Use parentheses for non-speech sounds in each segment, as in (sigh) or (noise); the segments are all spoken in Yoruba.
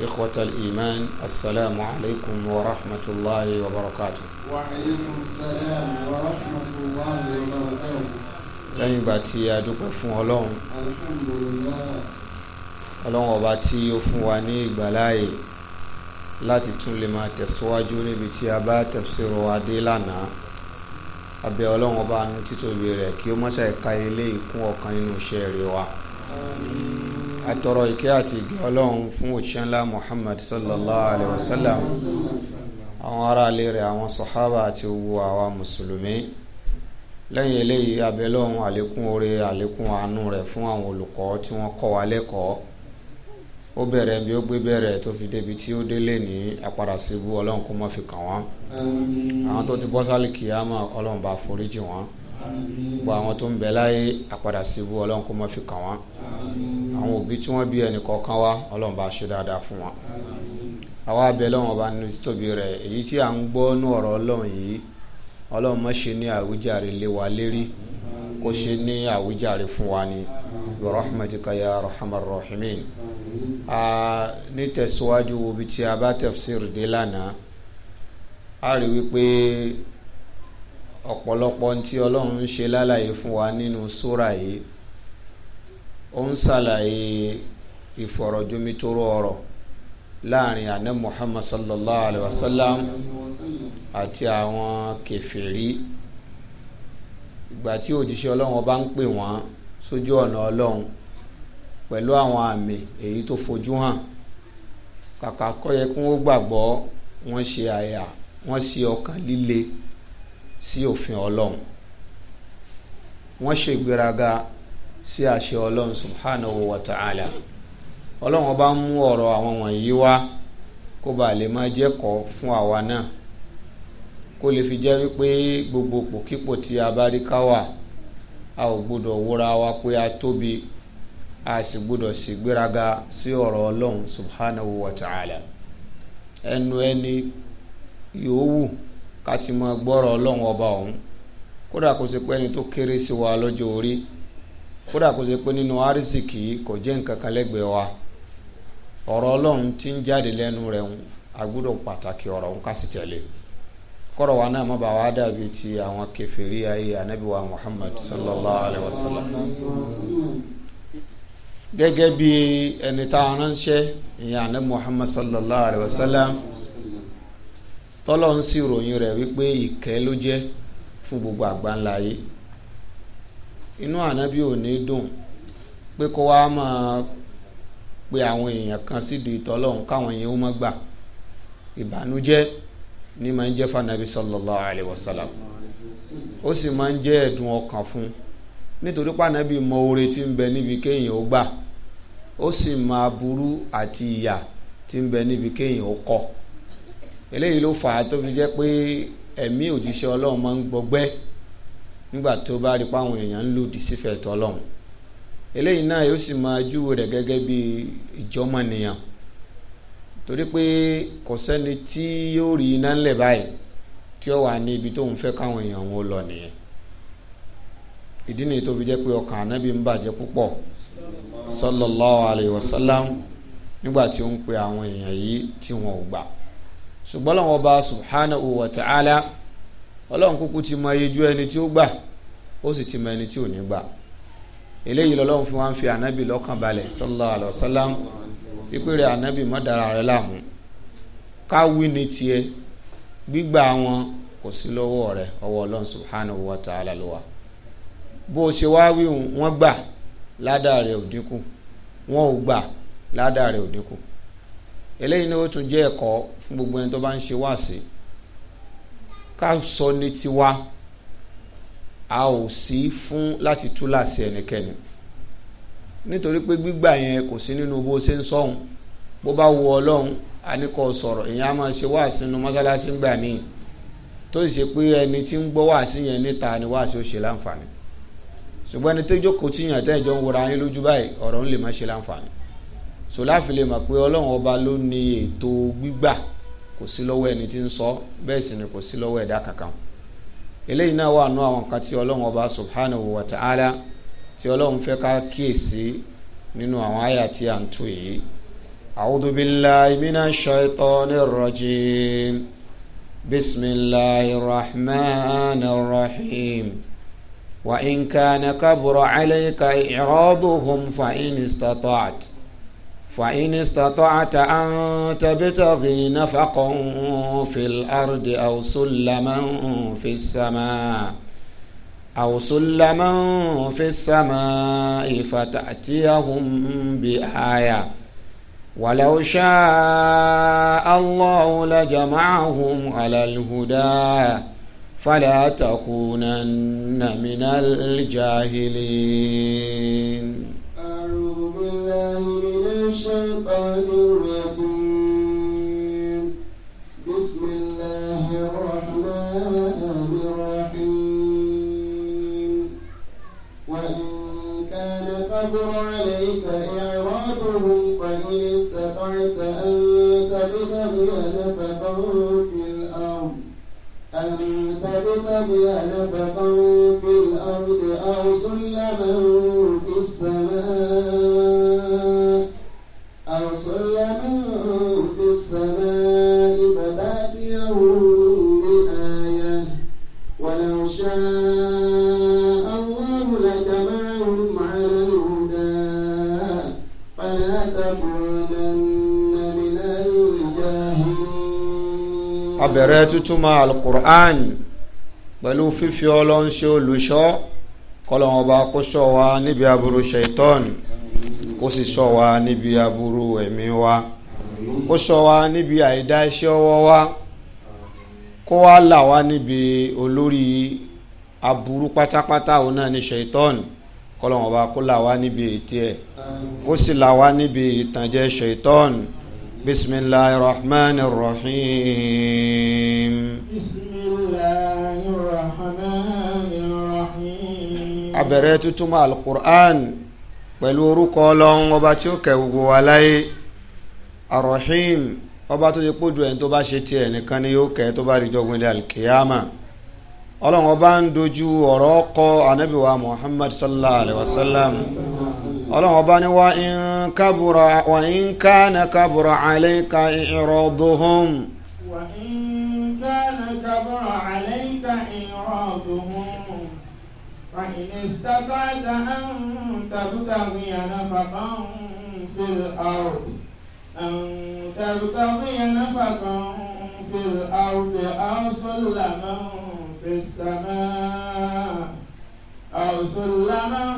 إخوة الإيمان السلام عليكم ورحمة الله وبركاته وعليكم السلام ورحمة الله وبركاته lẹ́yìn ìgbà tí a dúpẹ́ fún ọlọ́run ọlọ́run ọba tí ó fún wa ní ìgbàláyè láti tún lè máa tẹ̀síwájú níbi tí a bá tafsiru wa dé lánàá abẹ́ ọlọ́run ọba nu títóbi rẹ̀ kí ó mọ́ṣáì ka ilé ìkún ọ̀kan nínú iṣẹ́ rẹ̀ wa. Àmín atọrọ ìkẹ́ àti ìgbẹ́ ọlọ́run fún òṣìṣẹ́ ńlá Muhammad sallallahu alayhi wa sallam àwọn aráalé rẹ̀ àwọn sọ̀hábà àti owó àwa mùsùlùmí lẹ́yìn eléyìí abẹ́lọ́run àlékún oore àlékún àánú rẹ̀ fún àwọn olùkọ́ tí wọ́n kọ́ wa lẹ́kọ̀ọ́ ó bẹ̀rẹ̀ bí ó gbé bẹ̀rẹ̀ tó fi débi tí ó délé ní àpàdà síbú ọlọ́run kó má fi kàn wọ́n àwọn tó ti bọ́sálì kìámà ọlọ́run bá foríjì wọ́n gbogbo àwọn tó ń bẹ láyé àpadà síbú ọlọ́run kó má fi kàn wọ́n àwọn òbí tí wọ́n bí ẹnì kọ̀ọ̀kan wá ọlọ́run bá ṣe dáadáa fún wọn àwa abẹ lọ́wọ́n bá nínú títóbi rẹ̀ èyí tí à ń gbọ́ ní ọ̀rọ̀ ọlọ́run yìí ọlọ́run má ṣe ní àwíjàre lé wa lérí kó ṣe ní àwíjàre fún wa ni bi rahmatika ya arhamar rahimin ní tẹ̀síwájú ibi tí a bá tafsir dé lánàá a rí wípé ọ̀pọ̀lọpọ̀ tí ọlọ́run ń ṣe lálàyé fún wa nínú sóra yìí ó ń ṣàlàyé ìfọ̀rọ̀jomitoro ọ̀rọ̀ láàrin àná muhammad sallallahu alayhi wa sallam àti àwọn kẹfìrí ìgbà tí òjíṣẹ́ ọlọ́run ọba ń pè wọ́n sójú ọ̀nà ọlọ́run pẹ̀lú àwọn àmì èyí tó fojú hàn kàkà kọ́ yẹ kí wọ́n gbàgbọ́ wọ́n ṣe àyà wọ́n ṣe ọkàn líle sí òfin ọlọ́run wọ́n ṣe ìgbéraga sí àṣẹ ọlọ́run subhanahu wa ta'ala ọlọ́run ọba ń mú ọ̀rọ̀ àwọn wọ̀nyí wá kó ba lè máa jẹ́kọ̀ọ́ fún àwa náà kó lè fi jẹ́ wípé gbogbo pòkípò tí a bá rí ká wà a ò gbọ́dọ̀ wúra wa pé a tóbi a sì gbọ́dọ̀ sì gbéraga sí ọ̀rọ̀ ọlọ́run subhanahu wa ta'ala ẹnu ẹni yòówù ká ti mọ gbọ́rọ̀ ọlọ́run ọba ọ̀hún kódà kó ṣe pé ẹni tó kéré sí wa lọ́jọ́ orí kódà kó ṣe pé nínú arísìkì kò jẹ́ nǹkan kan lẹ́gbẹ̀ẹ́ wa ọ̀rọ̀ ọlọ́run ti ń jáde lẹ́nu rẹ̀ ń agbọ́dọ̀ pàtàkì ọ̀rọ̀ ń ká tẹ̀lé kọ́rọ̀ wa náà má bàa wá dàbí ti àwọn kẹfìrí ayé ànábì wa Muhammad sallallahu alayhi wa sallam gẹ́gẹ́ bí ẹni tá a ránṣẹ́ ìyẹn ànábì Muhammad sallallahu alayhi wa sallam. tọlọ sì ròyìn rẹ̀ wípé ìkẹ́ ló jẹ́ fún gbogbo àgbáńlá inú ànábì ò ní dùn pé kó wá máa pe àwọn èèyàn kan sídìí tọ́lọ́run káwọn èèyàn ó má gbà ìbànújẹ́ ní máa ń jẹ́ fànàbí sallallahu alaihi ó sì máa ń jẹ́ ẹ̀dùn ọkàn fún nítorí mọ oore ń bẹ níbi kéèyàn ó gbà ó sì máa burú àti ìyà ń bẹ níbi eléyìí ló fà á tó fi jẹ́ pé ẹ̀mí òjíṣẹ́ ọlọ́run máa ń gbọgbẹ́ nígbà tó bá rí páwọn èèyàn ń lòdì sífẹ̀ẹ́ tọ́lọ́run eléyìí náà yóò sì máa júwe rẹ̀ gẹ́gẹ́ bí ìjọmọ̀nìyàn torí pé kò sẹ́ni tí yóò rí iná ńlẹ̀ báyìí tí ó wà ní ibi tó ń fẹ́ káwọn èèyàn wọn lọ nìyẹn ìdí nìyí tó jẹ́ pé ọkàn ànábì ń bàjẹ́ púpọ̀ sallallahu alayhi wa sallam nígbà tí ó ń pe àwọn èèyàn yìí tí wọn ò gbà ṣùgbọ́n lọ́wọ́ ọba subhanahu wa ta'ala ọlọ́run kúkú ti mọ iye ju ẹni tí ó gbà ó sì ti mọ ẹni tí ò ní gbà eléyìí lọ́lọ́run fi wá ń fi ànábì lọ́kàn balẹ̀ sallallahu alaihi wasallam ìpè rẹ̀ ànábì mọ́ dára rẹ̀ láàmú ká wí ní tiẹ̀ gbígbà wọn kò sí lọ́wọ́ rẹ̀ ọwọ́ ọlọ́run subhanahu wa ta'ala ló wà bó o ṣe wá wí wọn gbà ládàá rẹ̀ ò dínkù wọn ò gbà ládàá rẹ̀ ò eléyìí ni ó tún jẹ́ ẹ̀kọ́ fún gbogbo ẹni tó bá ń ṣe wáàsí ká sọ ní tiwa a ò sí fún láti tú láṣẹ ẹnikẹ́ni nítorí pé gbígbà yẹn kò sí nínú bó ṣe ń sọ̀hún bó bá wu ọlọ́run a sọ̀rọ̀ èèyàn á máa ṣe wáàsí nínú mọ́ṣáláṣí ń gbà míì tó sì ṣe pé ẹni tí ń gbọ́ wáàsí yẹn níta ni wáàsí ó ṣe láǹfààní ṣùgbọ́n ẹni tó jókòó tíyàn tẹ́ ìjọ ń wọra yín lójú báyìí ọ̀rọ̀ ń lè má ṣe láǹfààní so láfi lè mọ̀ pé ọlọ́run ọba ló ní ètò gbígbà kò sí lọ́wọ́ ẹni tí ń sọ bẹ́ẹ̀ sì ni kò sí lọ́wọ́ ẹ̀dá kankan eléyìí náà wà nú àwọn nǹkan tí ọlọ́run ọba subhanahu wa ta'ala tí ọlọ́run fẹ́ ká kíyèsí nínú àwọn àyà tí a ń tú yìí a'udhu billahi minash shaitanir rajim bismillahir rahmanir rahim wa in kana kabura alayka i'raduhum fa in istata'ta. فإن استطعت أن تبتغي نفقا في الأرض أو سلما في السماء أو سلما في السماء فتأتيهم بآية ولو شاء الله لجمعهم على الهدى فلا تكونن من الجاهلين أعوذ بالله من الشيطان الرجيم بسم الله الرحمن الرحيم وإن كان كبر عليك إعراضهم فإن استطعت أن تبتغي نفقا في الأرض أن تبتغي نفقا في الأرض أو سلما في السماء وسلم في السماء فتأتيهم بآية ولو شاء الله لجمعهم على الهدى فلا تكونن من الجاهلين أبرات تما القرآن pẹ̀lú fífi ọlọ́run ṣe olùṣọ́ kọlọ́wọ́n ọba kó ṣọ́ wa níbi aburú ṣèitọ́ọ̀nù ó sì ṣọ́ wa níbi aburú ẹ̀mí wa ó ṣọ́ wa níbi àìdá iṣẹ́ ọwọ́ wa kó wá là wá níbi olórí aburú pátápátá òun náà ní ṣèitọ́ọ̀nù kọlọ́wọ́n bá kó là wá níbi ètí ẹ̀ kó sì là wá níbi ìtànjẹ ṣèitọ́ọ̀nù bisimilahi rahman rahim. bisimilahi tuntun ma alukur'an pẹ̀lú orúkọ ọlọ́run ọba tí ó kẹ́ gbogbo wa láyé arahim ọba tó yẹ kójú ẹni tó bá ṣe tiẹ̀ nìkan ni yóò kẹ́ tó bá rí jọgbìn dé alkiyama ọlọ́run ọba ń dojú ọ̀rọ̀ kọ anabi muhammad sallallahu alayhi wa sallam ọlọ́run ọba ni wa in kabura wa in kana kabura alayka i'raduhum. wa in kana kabura alayka i'raduhum. فإن استطعت أن تبتغي نفقا في الأرض أن تبتغي نفقا في الأرض أو سلما في السماء أو سلما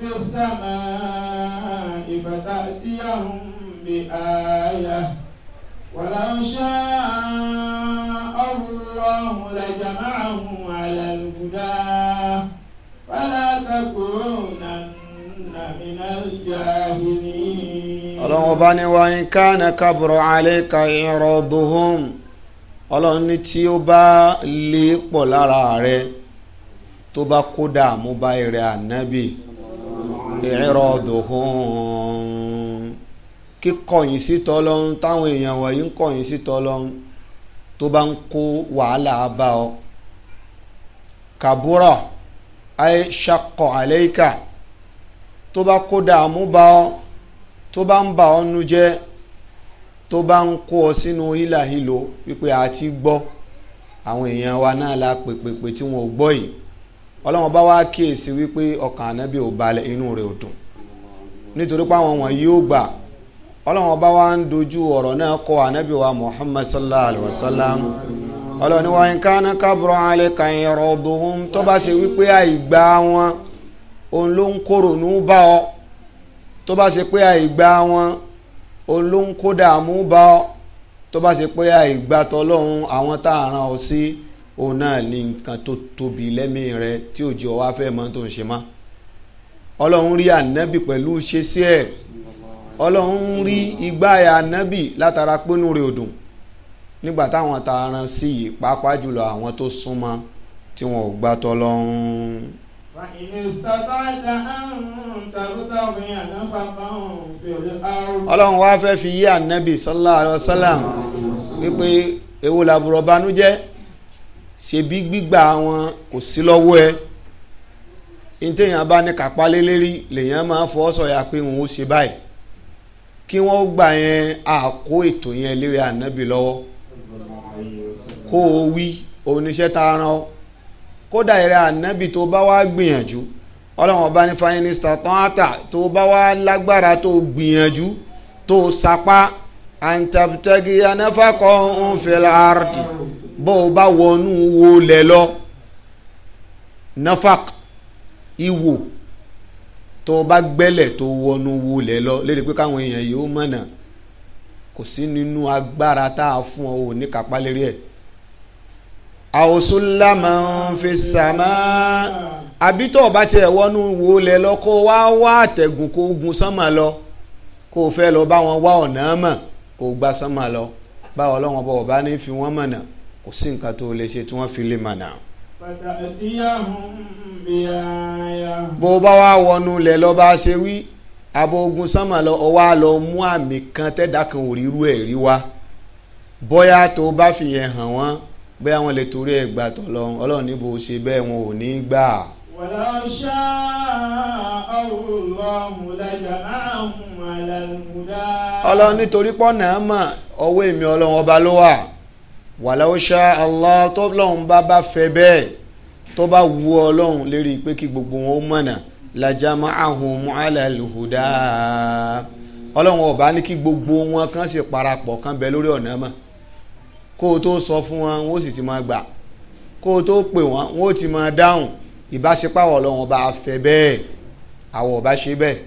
في السماء فتأتيهم بآية ولو شاء الله لجمعهم على الهدى fala takunanna minal jahilin. ọlọ́run ọba ní wa in kana kabura alayka i'raduhum ọlọ́run ní tí ó bá lé pọ̀ lára rẹ tó bá kó dààmú bá rẹ ànábì i'raduhum kíkọ̀yìn sí tọ́lọ́run táwọn èèyàn wọ̀nyí ń kọ̀yìn sí tọ́lọ́run tó bá ń kó wàhálà bá ọ kàbúrọ̀ aịsakọ ṣakọ̀ àlẹ́yìká tó bá kó dààmú bá ọ tó bá ń bà ọ́ nu jẹ́ tó bá ń kó ọ sínú hílàhílò wípé àti gbọ́ àwọn èèyàn wa náà la pèpèpè tí wọn ò gbọ́ yìí ọlọ́wọ́n bá wá kíyèsí wípé ọkàn ànábì ò balẹ̀ inú rẹ̀ ò dùn wa Muhammad sallallahu wa sallam. ọlọ́ni wa in kana kabura alayka iraduhum tó bá ṣe wípé àìgbà wọn òun ló ń kóronú bá ọ tó bá ṣe pé àìgbà wọn òun ló ń kó dààmú bá ọ tó bá ṣe pé àìgbà tọlọ́run àwọn tá a ràn ọ sí òun náà ní nǹkan tó tóbi lẹ́mìí rẹ tí òjì ọwá fẹ́ mọ́ tó ń ṣe mọ́ ọlọ́run rí ànábì pẹ̀lú ṣe sí ẹ̀ ọlọ́run rí igbá ànábì látara pínú rẹ̀ òdùn nígbà táwọn tá a ran sí yìí pàápàá jùlọ àwọn tó súnmọ́ tí wọn ò gbà tọ́ lọ́hún. ọlọ́run wá fẹ́ fi yí ànábì sallallahu alaihi wasallam wípé èwo làbùrọ̀ banújẹ́ ṣebí gbígbà wọn kò sí lọ́wọ́ ẹ ntẹ̀yìn bá ní kápálé lérí lèyàn máa fọ́ sọ̀yà pé òun ó ṣe báyìí kí wọ́n gbà yẹn àkó ètò yẹn lérí ànábì lọ́wọ́ kó o wí oníṣẹ́ tá a rán ọ kódà ìrẹ́ ànábì tó bá wá gbìyànjú ọlọ́run ọba ní fáyínísítà tán àtà tó bá wá lágbára tó gbìyànjú tó sapá àǹtàbùtẹ́gì anáfàkọ́ ń fẹ́lẹ́ àrùtì bó o bá wọnú wo lẹ̀ lọ nafak ìwò tó bá gbẹ́lẹ̀ tó wọnú wo lẹ̀ lọ lédè pé káwọn èèyàn yìí ó mọ̀nà kò sí nínú agbára tá a fún ọ ò ní kápá lérí ẹ̀ àwòsúnlámà ń fi sàmà àbí tó o bá tiẹ̀ wọnú wo lẹ lọ kó wá wá àtẹ̀gùn kó gun sánmà lọ kó o fẹ́ lọ bá wọn wá ọ̀nà mọ̀ kó o gbá sánmà lọ báwo lọ́wọ́n bọ̀ ọ̀bá ní fi wọ́n mọ̀nà kò sí nǹkan tó lè ṣe tí wọ́n fi lè mọ̀nà. bó bá wá wọnú lẹ lọ ṣe wí abo ogun sánmà lọ ọwọ́ á lọ mú àmì kan tẹ́dá kan ò ẹ̀ rí wá bóyá tó bá hàn wọ́n bóyá wọ́n lè torí ẹ̀ gbà tọ̀ ọlọ́run níbo wọn ò ní gbà. wàlá ṣá Allahu lajanahum ala al-huda. ọlọ́run nítorí pọ́nà mọ̀ ọwọ́ èmi ọlọ́run ọba ló wà wàlá ṣá Allah tó lọ́run bá bá fẹ́ bẹ́ẹ̀ tó bá ọlọ́run lérí pé kí lajama'ahum 'ala al-huda ọlọ́run ọba ní kí gbogbo wọn kan sì parapọ̀ kan bẹ lórí ọ̀nà mọ̀ kó o tó sọ fún wọn wọn ó sì ti máa gbà kó o tó pè wọn wọn ó ti máa dáhùn ìbáṣepáwọ̀ ọlọ́run ọba afẹ́ bẹ́ẹ̀ àwọn ọba ṣe bẹ́ẹ̀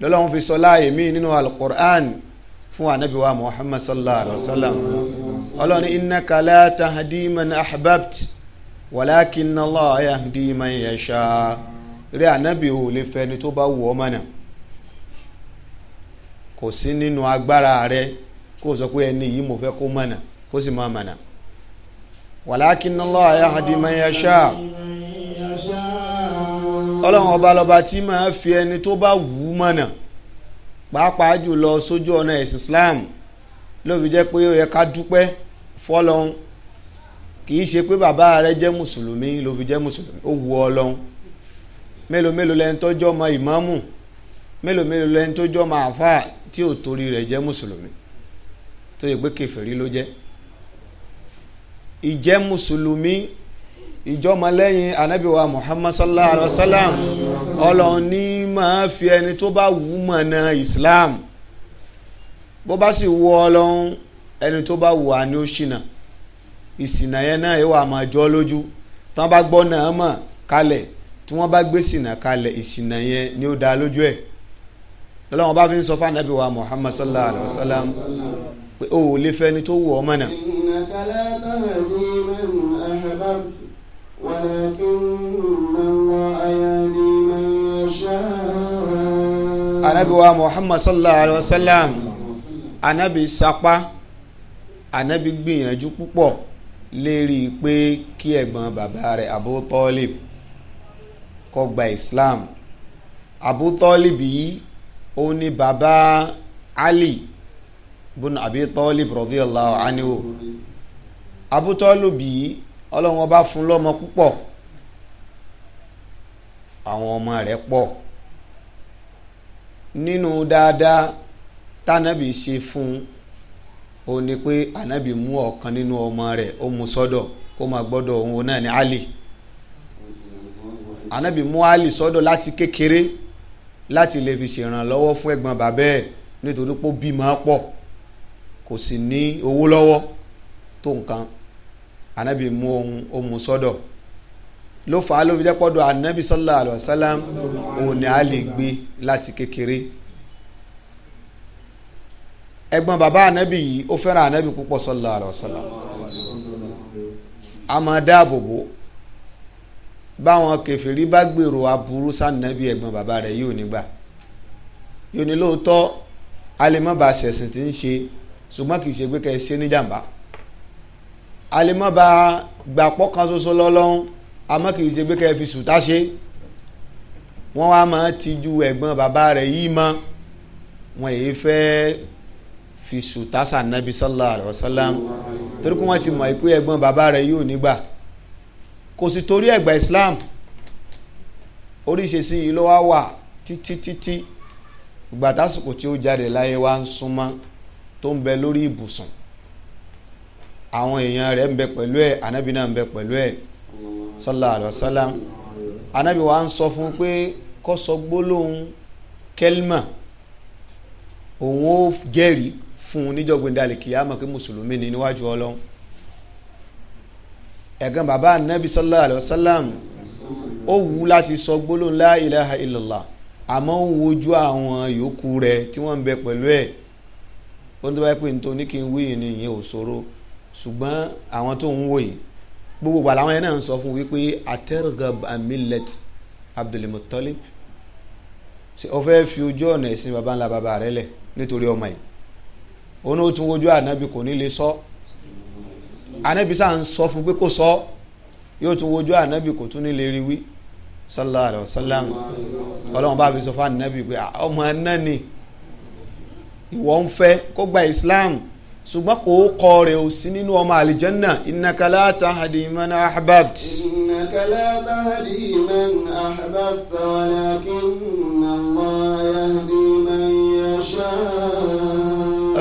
lọ́lọ́run fi sọ láàyè míì nínú alukur'an fún anabi muhammad sallallahu alaihi wa sallam ọlọ́run innaka la tahdi man ahbabt walakin Allah yahdi man yasha. rí ànábì ò lè fẹni tó bá wù ọ́ mọ̀nà kò sí nínú agbára rẹ kó sọ pé ẹni yìí mo fẹ́ kó mọ̀nà kó sì máa mọ̀nà walakin Allah yahdi man yasha ọlọ́run ọba lọ́ba tí máa fi ẹni tó bá wù ú pàápàá jùlọ sójú ọ̀nà Islam ló fi jẹ́ pé ó yẹ ká dúpẹ́ fọ́lọ́run kì í ṣe pé bàbá rẹ jẹ́ mùsùlùmí jẹ́ mùsùlùmí ó wù mélòó mélòó lẹni tó jọ́ ọmọ ìmáàmù mélòó mélòó lẹni tó jọ́ ọmọ àáfàá tí ò torí rẹ̀ jẹ́ mùsùlùmí tó yẹ pé kèfèrí ló jẹ́ ìjẹ́ mùsùlùmí ìjọmọlẹ́yìn anábìwa Muhammad sallallahu alaihi wa sallam ọlọ́run ní máa fi ẹni tó bá wù mọ̀nà Islam bó bá sì wù ọlọ́run ẹni tó bá wù á ní ó ṣìnà ìsìnà yẹn náà yóò wà máa jọ lójú tán bá gbọ́ náà mọ̀ kalẹ̀ tí wọ́n bá gbé sìnà kalẹ̀ ìsìnà yẹn ni ó dá lójú ẹ̀ lọ́wọ́n bá fi ń sọ fún anabi wa muhammad sallallahu alayhi wa sallam pé o ò lè fẹ́ ni tó wù ọ́ mọ̀nà. anabi muhammad sallallahu alayhi wa sallam anabi sapá anabi gbìyànjú púpọ̀ lérí pé kí ẹ̀gbọ́n bàbá rẹ̀ abu talib kó gba islam abu tọ́lìbì yìí òun ni bàbá ali bùn abi tọ́lìbì radiyallahu anhu abu tọ́lìbì yìí ọlọ́run ọba fún lọ́mọ púpọ̀ àwọn ọmọ rẹ̀ pọ̀ nínú dáadáa tánàbì ṣe fún ó ní pé ànábì mú ọ̀kan nínú ọmọ rẹ̀ ó mú sọ́dọ̀ kó máa gbọ́dọ̀ òun náà ní ali anabi muali sọ́dọ̀ láti kékeré láti lè fi ṣèrànlọ́wọ́ fún ẹ̀gbọ́n bàbá ẹ̀ nítorí pé ó bímọ pọ̀ kò sì ní owó lọ́wọ́ tó nǹkan anabi mú ohun ohun sọ́dọ̀ ló fà á ló fi jẹ́ pọ́dọ̀ anabi sallallahu alayhi wa a lè gbé láti kékeré ẹ̀gbọ́n bàbá anabi yìí ó fẹ́ràn anabi púpọ̀ sallallahu alayhi a máa dáàbò bò báwọn kèfèrí bá gbèrò aburú sànàbí ẹ̀gbọ́n bàbá rẹ̀ yóò nígbà yóò ní lóòótọ́ alẹ́mọ́ba ṣẹ̀sìn ti ń ṣe ṣùgbọ́n kì í ṣe pé kẹ́ ẹ ṣe níjàmbá alẹ́mọ́ba gbàpọ́ kan ṣoṣo lọ́lọ́run àmọ́ kì í ṣe pé kẹ́ ẹ fi sùtá ṣe wọ́n wá máa tijú ẹ̀gbọ́n bàbá rẹ̀ yìí mọ́ wọn èyí fẹ́ fi sùtá sànàbí sallallahu alaihi wasallam torí pé wọ́n ti mọ̀ pé ẹ̀gbọ́n bàbá rẹ̀ yóò nígbà kò sì torí ẹ̀gbà Islam oríṣiríṣi yìí ló wá wà títí títí ìgbà tásìkò tí ó jáde láyé wá ń súnmọ́ tó ń bẹ lórí ibùsùn àwọn èèyàn rẹ̀ ń bẹ pẹ̀lú ẹ̀ anábì náà ń bẹ pẹ̀lú ẹ̀ sallallahu alaihi wasallam wa ń sọ fún pé kó sọ gbólóhùn kẹlmà òun ó jẹ́rìí fún un níjọ́gbìn dalẹ̀ kìyàmọ̀ pé mùsùlùmí ni níwájú ọlọ́run ẹ̀gán bàbá anabi sallallahu alayhi wa sallam ó wù láti sọ gbólóhùn la ilaha illallah àmọ́ ń wojú àwọn yòókù rẹ̀ tí wọ́n ń bẹ pẹ̀lú ẹ̀ ó ń tó bá pè ní tó ní kí n wí ni ìyẹn ò ṣòro ṣùgbọ́n àwọn tó ń wò yìí gbogbo wà láwọn yẹn náà ń sọ fún wípé atẹ́rọ̀gàb amilet abdulmutalib ṣe ọ fẹ́ fi ojú ọ̀nà ẹ̀sìn baba ńlá baba lẹ̀ nítorí ọmọ yìí òun ó tún wojú ànábì kò ní lè sọ anabi sá ń sọ fún pé kó sọ yóò tún wojú anabi kò tún ní lè rí wí sallallahu alayhi wa sallam ọlọ́run bá fi sọ fún anabi pé ah, ọmọ náà ni ìwọ ń fẹ́ kó gba islam ṣùgbọ́n kò kọ rẹ̀ ò sí nínú ọmọ àlìjẹ́nà innaka la tahdi man ahbabta. innaka la tahdi man ahbabta yahdi man yasha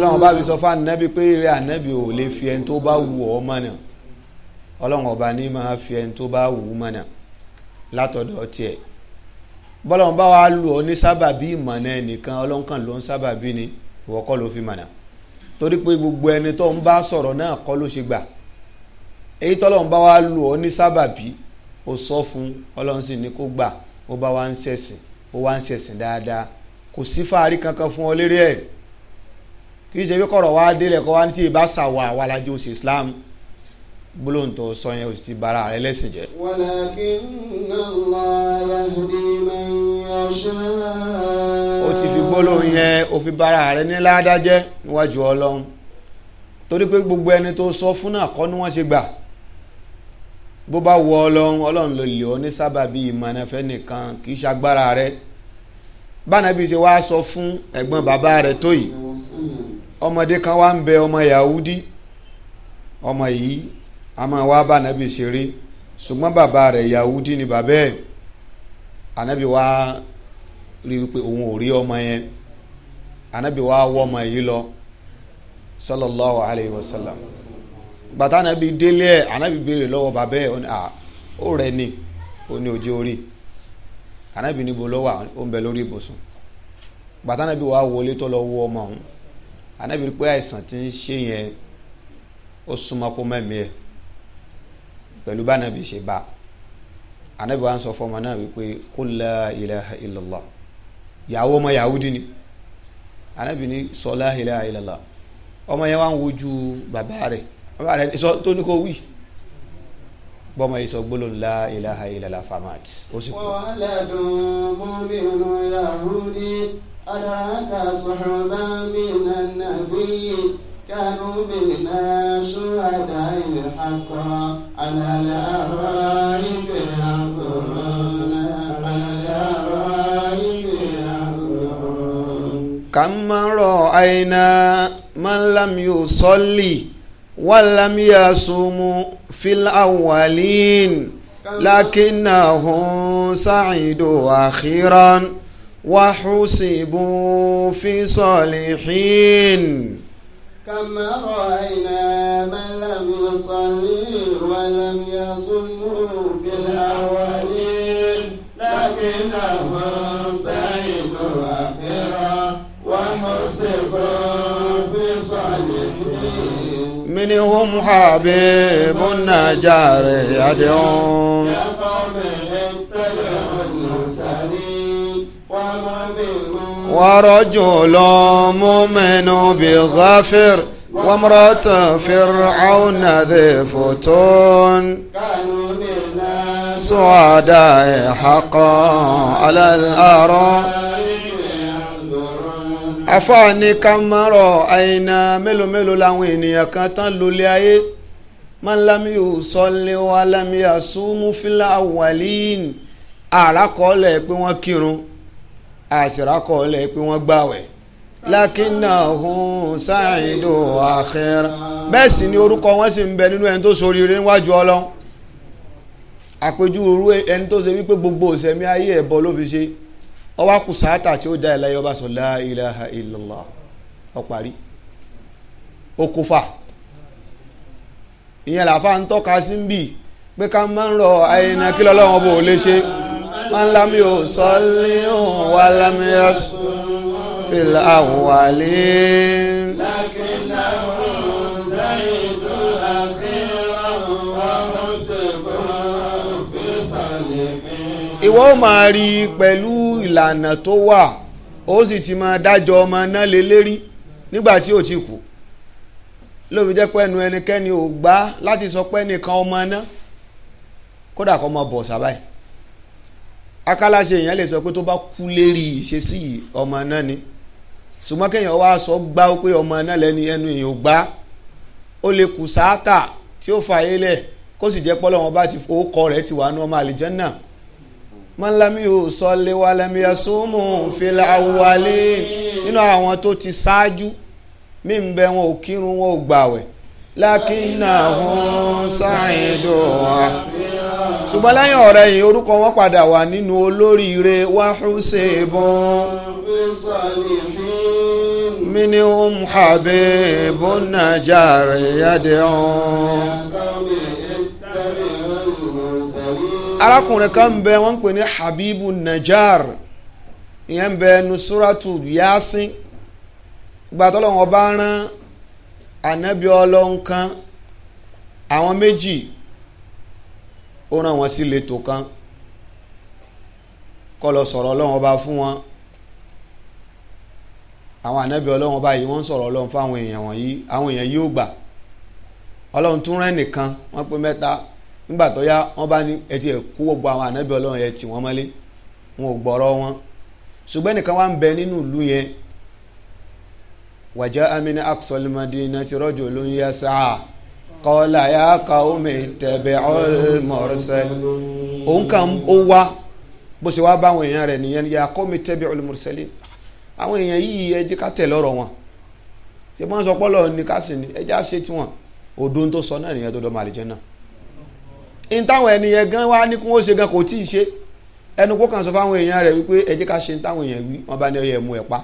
ọlọ́run bá fi sọ fún ànábì pé eré ànábì ò lè fi ẹni tó bá wù ọ́ mọ̀nà ọlọ́run ọba ní máa fi ẹni tó bá wù ú mọ̀nà látọ̀dọ̀ tiẹ̀ bọ́lọ́run bá wa lù ọ́ ní sábàbí ìmọ̀nà ẹnìkan ọlọ́run kan ló ń sábàbí ni ìwọ kọ́ ló fi mọ̀nà torí pé gbogbo ẹni tó ń bá sọ̀rọ̀ náà kọ́ ló ṣe gbà èyí tọ́lọ́run bá wa lù ọ́ ní sábàbí ó sọ fún ọlọ́run sì ní kó gbà ó bá wa ń ṣẹ̀sìn ó wá ń ṣẹ̀sìn dáadáa kò sí fàárí kankan fún ọ lérí ẹ̀ kì í ṣe bí kọ̀rọ̀ wá délẹ̀ kọ́ wá ní tí ì bá ṣàwọ̀ àwa la Islam gbólóhùn tó sọ yẹn òsì ti bara rẹ lẹ́sìn jẹ́. walakinna Allah yahdi man yasha. ó ti fi gbólóhùn yẹn ó fi bara rẹ ní ládájẹ́ níwájú Ọlọ́run torí pé gbogbo ẹni tó sọ fún náà kọ́ ni wọ́n ṣe gbà bó bá wọ Ọlọ́run Ọlọ́run ló lè ọ ní sábàbí ìmọ̀nàfẹ́ nìkan kì í ṣagbára rẹ bánabi ṣe wá sọ fún ẹ̀gbọ́n bàbá rẹ tó yìí ọmọdé kan wá ń bẹ ọmọ yahudi ọmọ yìí a máa wá bá anabi ṣeré ṣùgbọ́n bàbá rẹ̀ yahudi ni bàbá ẹ̀ anabi wá rí i pé òun ò rí ọmọ yẹn anabi wá wọ́ ọmọ yìí lọ sallallahu alayhi wa sallam gbàtà anabi délé ẹ anabi béèrè lọ́wọ́ bàbá ẹ ọni ah ó rẹ ni ó ní ojú orí anabi níbo ló wà ó ń bẹ lórí ibùsùn gbàtà anabi wà wọlé tó lọ wọ ọmọ ọ̀hún anábìrì pé àìsàn ti ń ṣe yẹn ó súnmọ́ kó mẹ́mí ẹ̀ pẹ̀lú bánàbì ṣe bá anábìrì wa ń sọ fọmọ náà wípé kó la ilaha illallah yàwó ọmọ yahudi ni anábìrì ní sọ la ilaha illallah ọmọ yẹn wá ń wojú bàbá rẹ̀ bàbá rẹ̀ tó ní kó wí bọ́mọ yìí sọ gbólóhùn la ilaha illallah famat ó sì kú. wàhálà dùn mọ́mí ìrora rúdí. أدرك صحبا من النبي كانوا بنا شهداء حقا على الأرائك ينظرون على الأرائك ينظرون كم رأينا من لم يصلي ولم يصوم في الأولين لكنهم سعدوا أخيراً وحسبوا في صالحين كما رأينا من لم يصلي ولم يصم في الأولين لكنه سعيد آخرا وحسب في صالحين منهم حبيب النجار يدعون يا قوم اتبعوا ورجل مؤمن بغافر وامرأة فرعون ذي فتون كانوا منا سعداء حقا على الآراء àfáàní ká máa rọ àìnà mélòó mélòó làwọn ènìyàn kan tán lólé ayé máa ń lámì òsọlé wa lámì àsúmúfílà wàlíìn àràkọọlẹ pé wọ́n kírun àìsìrákọ̀ ọ̀lẹ́ pé wọ́n gbàwẹ̀ lákínà òhun sáàìdò àkhírà bẹ́ẹ̀ sì ni orúkọ wọn sì ń bẹ nínú ẹni tó ṣoríire níwájú ọlọ́run àpéjú orú ẹni tó ṣe wípé gbogbo ìṣẹ̀mí ayé ẹ̀bọ ló fi ṣe ọwá kù sáátà tí ó dá ẹ̀ láyé ọba sọ la ilaha ọparí okùnfà ìyẹn làfa ń tọ́ka sí ń bì pé ká máa ń rọ àyìnà kí lọ́lọ́run ọba ò lè ṣe. من لم يصلي ولم يصلي في الأولين لكنه زيد أخيرا ومسلم في صالحين ìwọ máa rí i pẹ̀lú ìlànà tó wà ó sì ti máa dájọ́ ọmọ náà lé lérí nígbà tí ò ti kú lóbi jẹ́ pé ẹnu ẹnikẹ́ni ò gbà láti sọ pé ẹnìkan ọmọ náà kódà kó máa bọ̀ sábàá yìí akálàṣe èèyàn lè sọ pé tó bá kú lérí ìṣesí ọmọ náà ni ṣùgbọ́n kéèyàn wá sọ gbá pé ọmọ náà lẹ́ni ẹnu èèyàn ò gbá ó lè kù sáátà tí ó fà yélẹ̀ kó sì jẹ́ pọ́lọ́ wọn bá ti fowókọ rẹ̀ ti wà ní ọmọ àlìjẹ́nà mọ́lámi ò sọ lé lẹ́mi ẹ̀sùnmù fìlà àwọ̀wálé nínú àwọn tó ti ṣáájú mí ń bẹ wọn ò kírun wọn ò gbàwẹ̀ lákínà hùn sáyẹ̀dọ̀ wa. ṣùgbọ́n lẹ́yìn ọ̀rẹ́ yìí orúkọ wọn padà wà nínú olóríire wáhúṣe bọ́n minhum habibun najar yad'un arákùnrin kan ń bẹ wọ́n ń pè ní habibu najar ìyẹn ń bẹ nusuratu yasin gbàtọ́lọ́wọ́n bá rán ànábì ọlọ́nkan àwọn méjì ó rán wọn sí ìletò kan Kọ lọ sọ̀rọ̀ ọlọ́run ọba fún wọn àwọn ànábì ọlọ́run ọba yìí wọ́n sọrọ sọ̀rọ̀ ọlọ́run fún àwọn èèyàn wọ̀nyí àwọn èèyàn yìí ó gbà ọlọ́run tún rán nìkan wọ́n pé mẹ́ta nígbà tó yá wọ́n bá ní ẹtì ẹ̀ kó gbogbo àwọn ànábì ọlọ́run yẹn tì wọ́n mọ́lé wọn ò gbọ́rọ̀ wọn ṣùgbọ́n nìkan wá ń bẹ nínú ìlú yẹn wàjá amina aksolmadina ti rọ́jò ló ń yá sáà قال يا قوم اتبعوا المرسل òun kàn ó O bó ṣe wá èèyàn rẹ nìyẹn ya قوم اتبعوا المرسلين àwọn èèyàn yìí ẹ ká tẹ̀ lọ́rọ̀ wọn ṣé wọ́n sọ pọ́lọ̀ ní ká sì ní á ṣe tiwọn òdo tó sọ náà nìyẹn tó náà n táwọn ènìyàn gan wá ní ga ka ṣe gan kò tí ì ṣe ẹnu kó kàn sọ fáwọn èèyàn rẹ̀ wípé ẹ ká ṣe táwọn èèyàn wí bá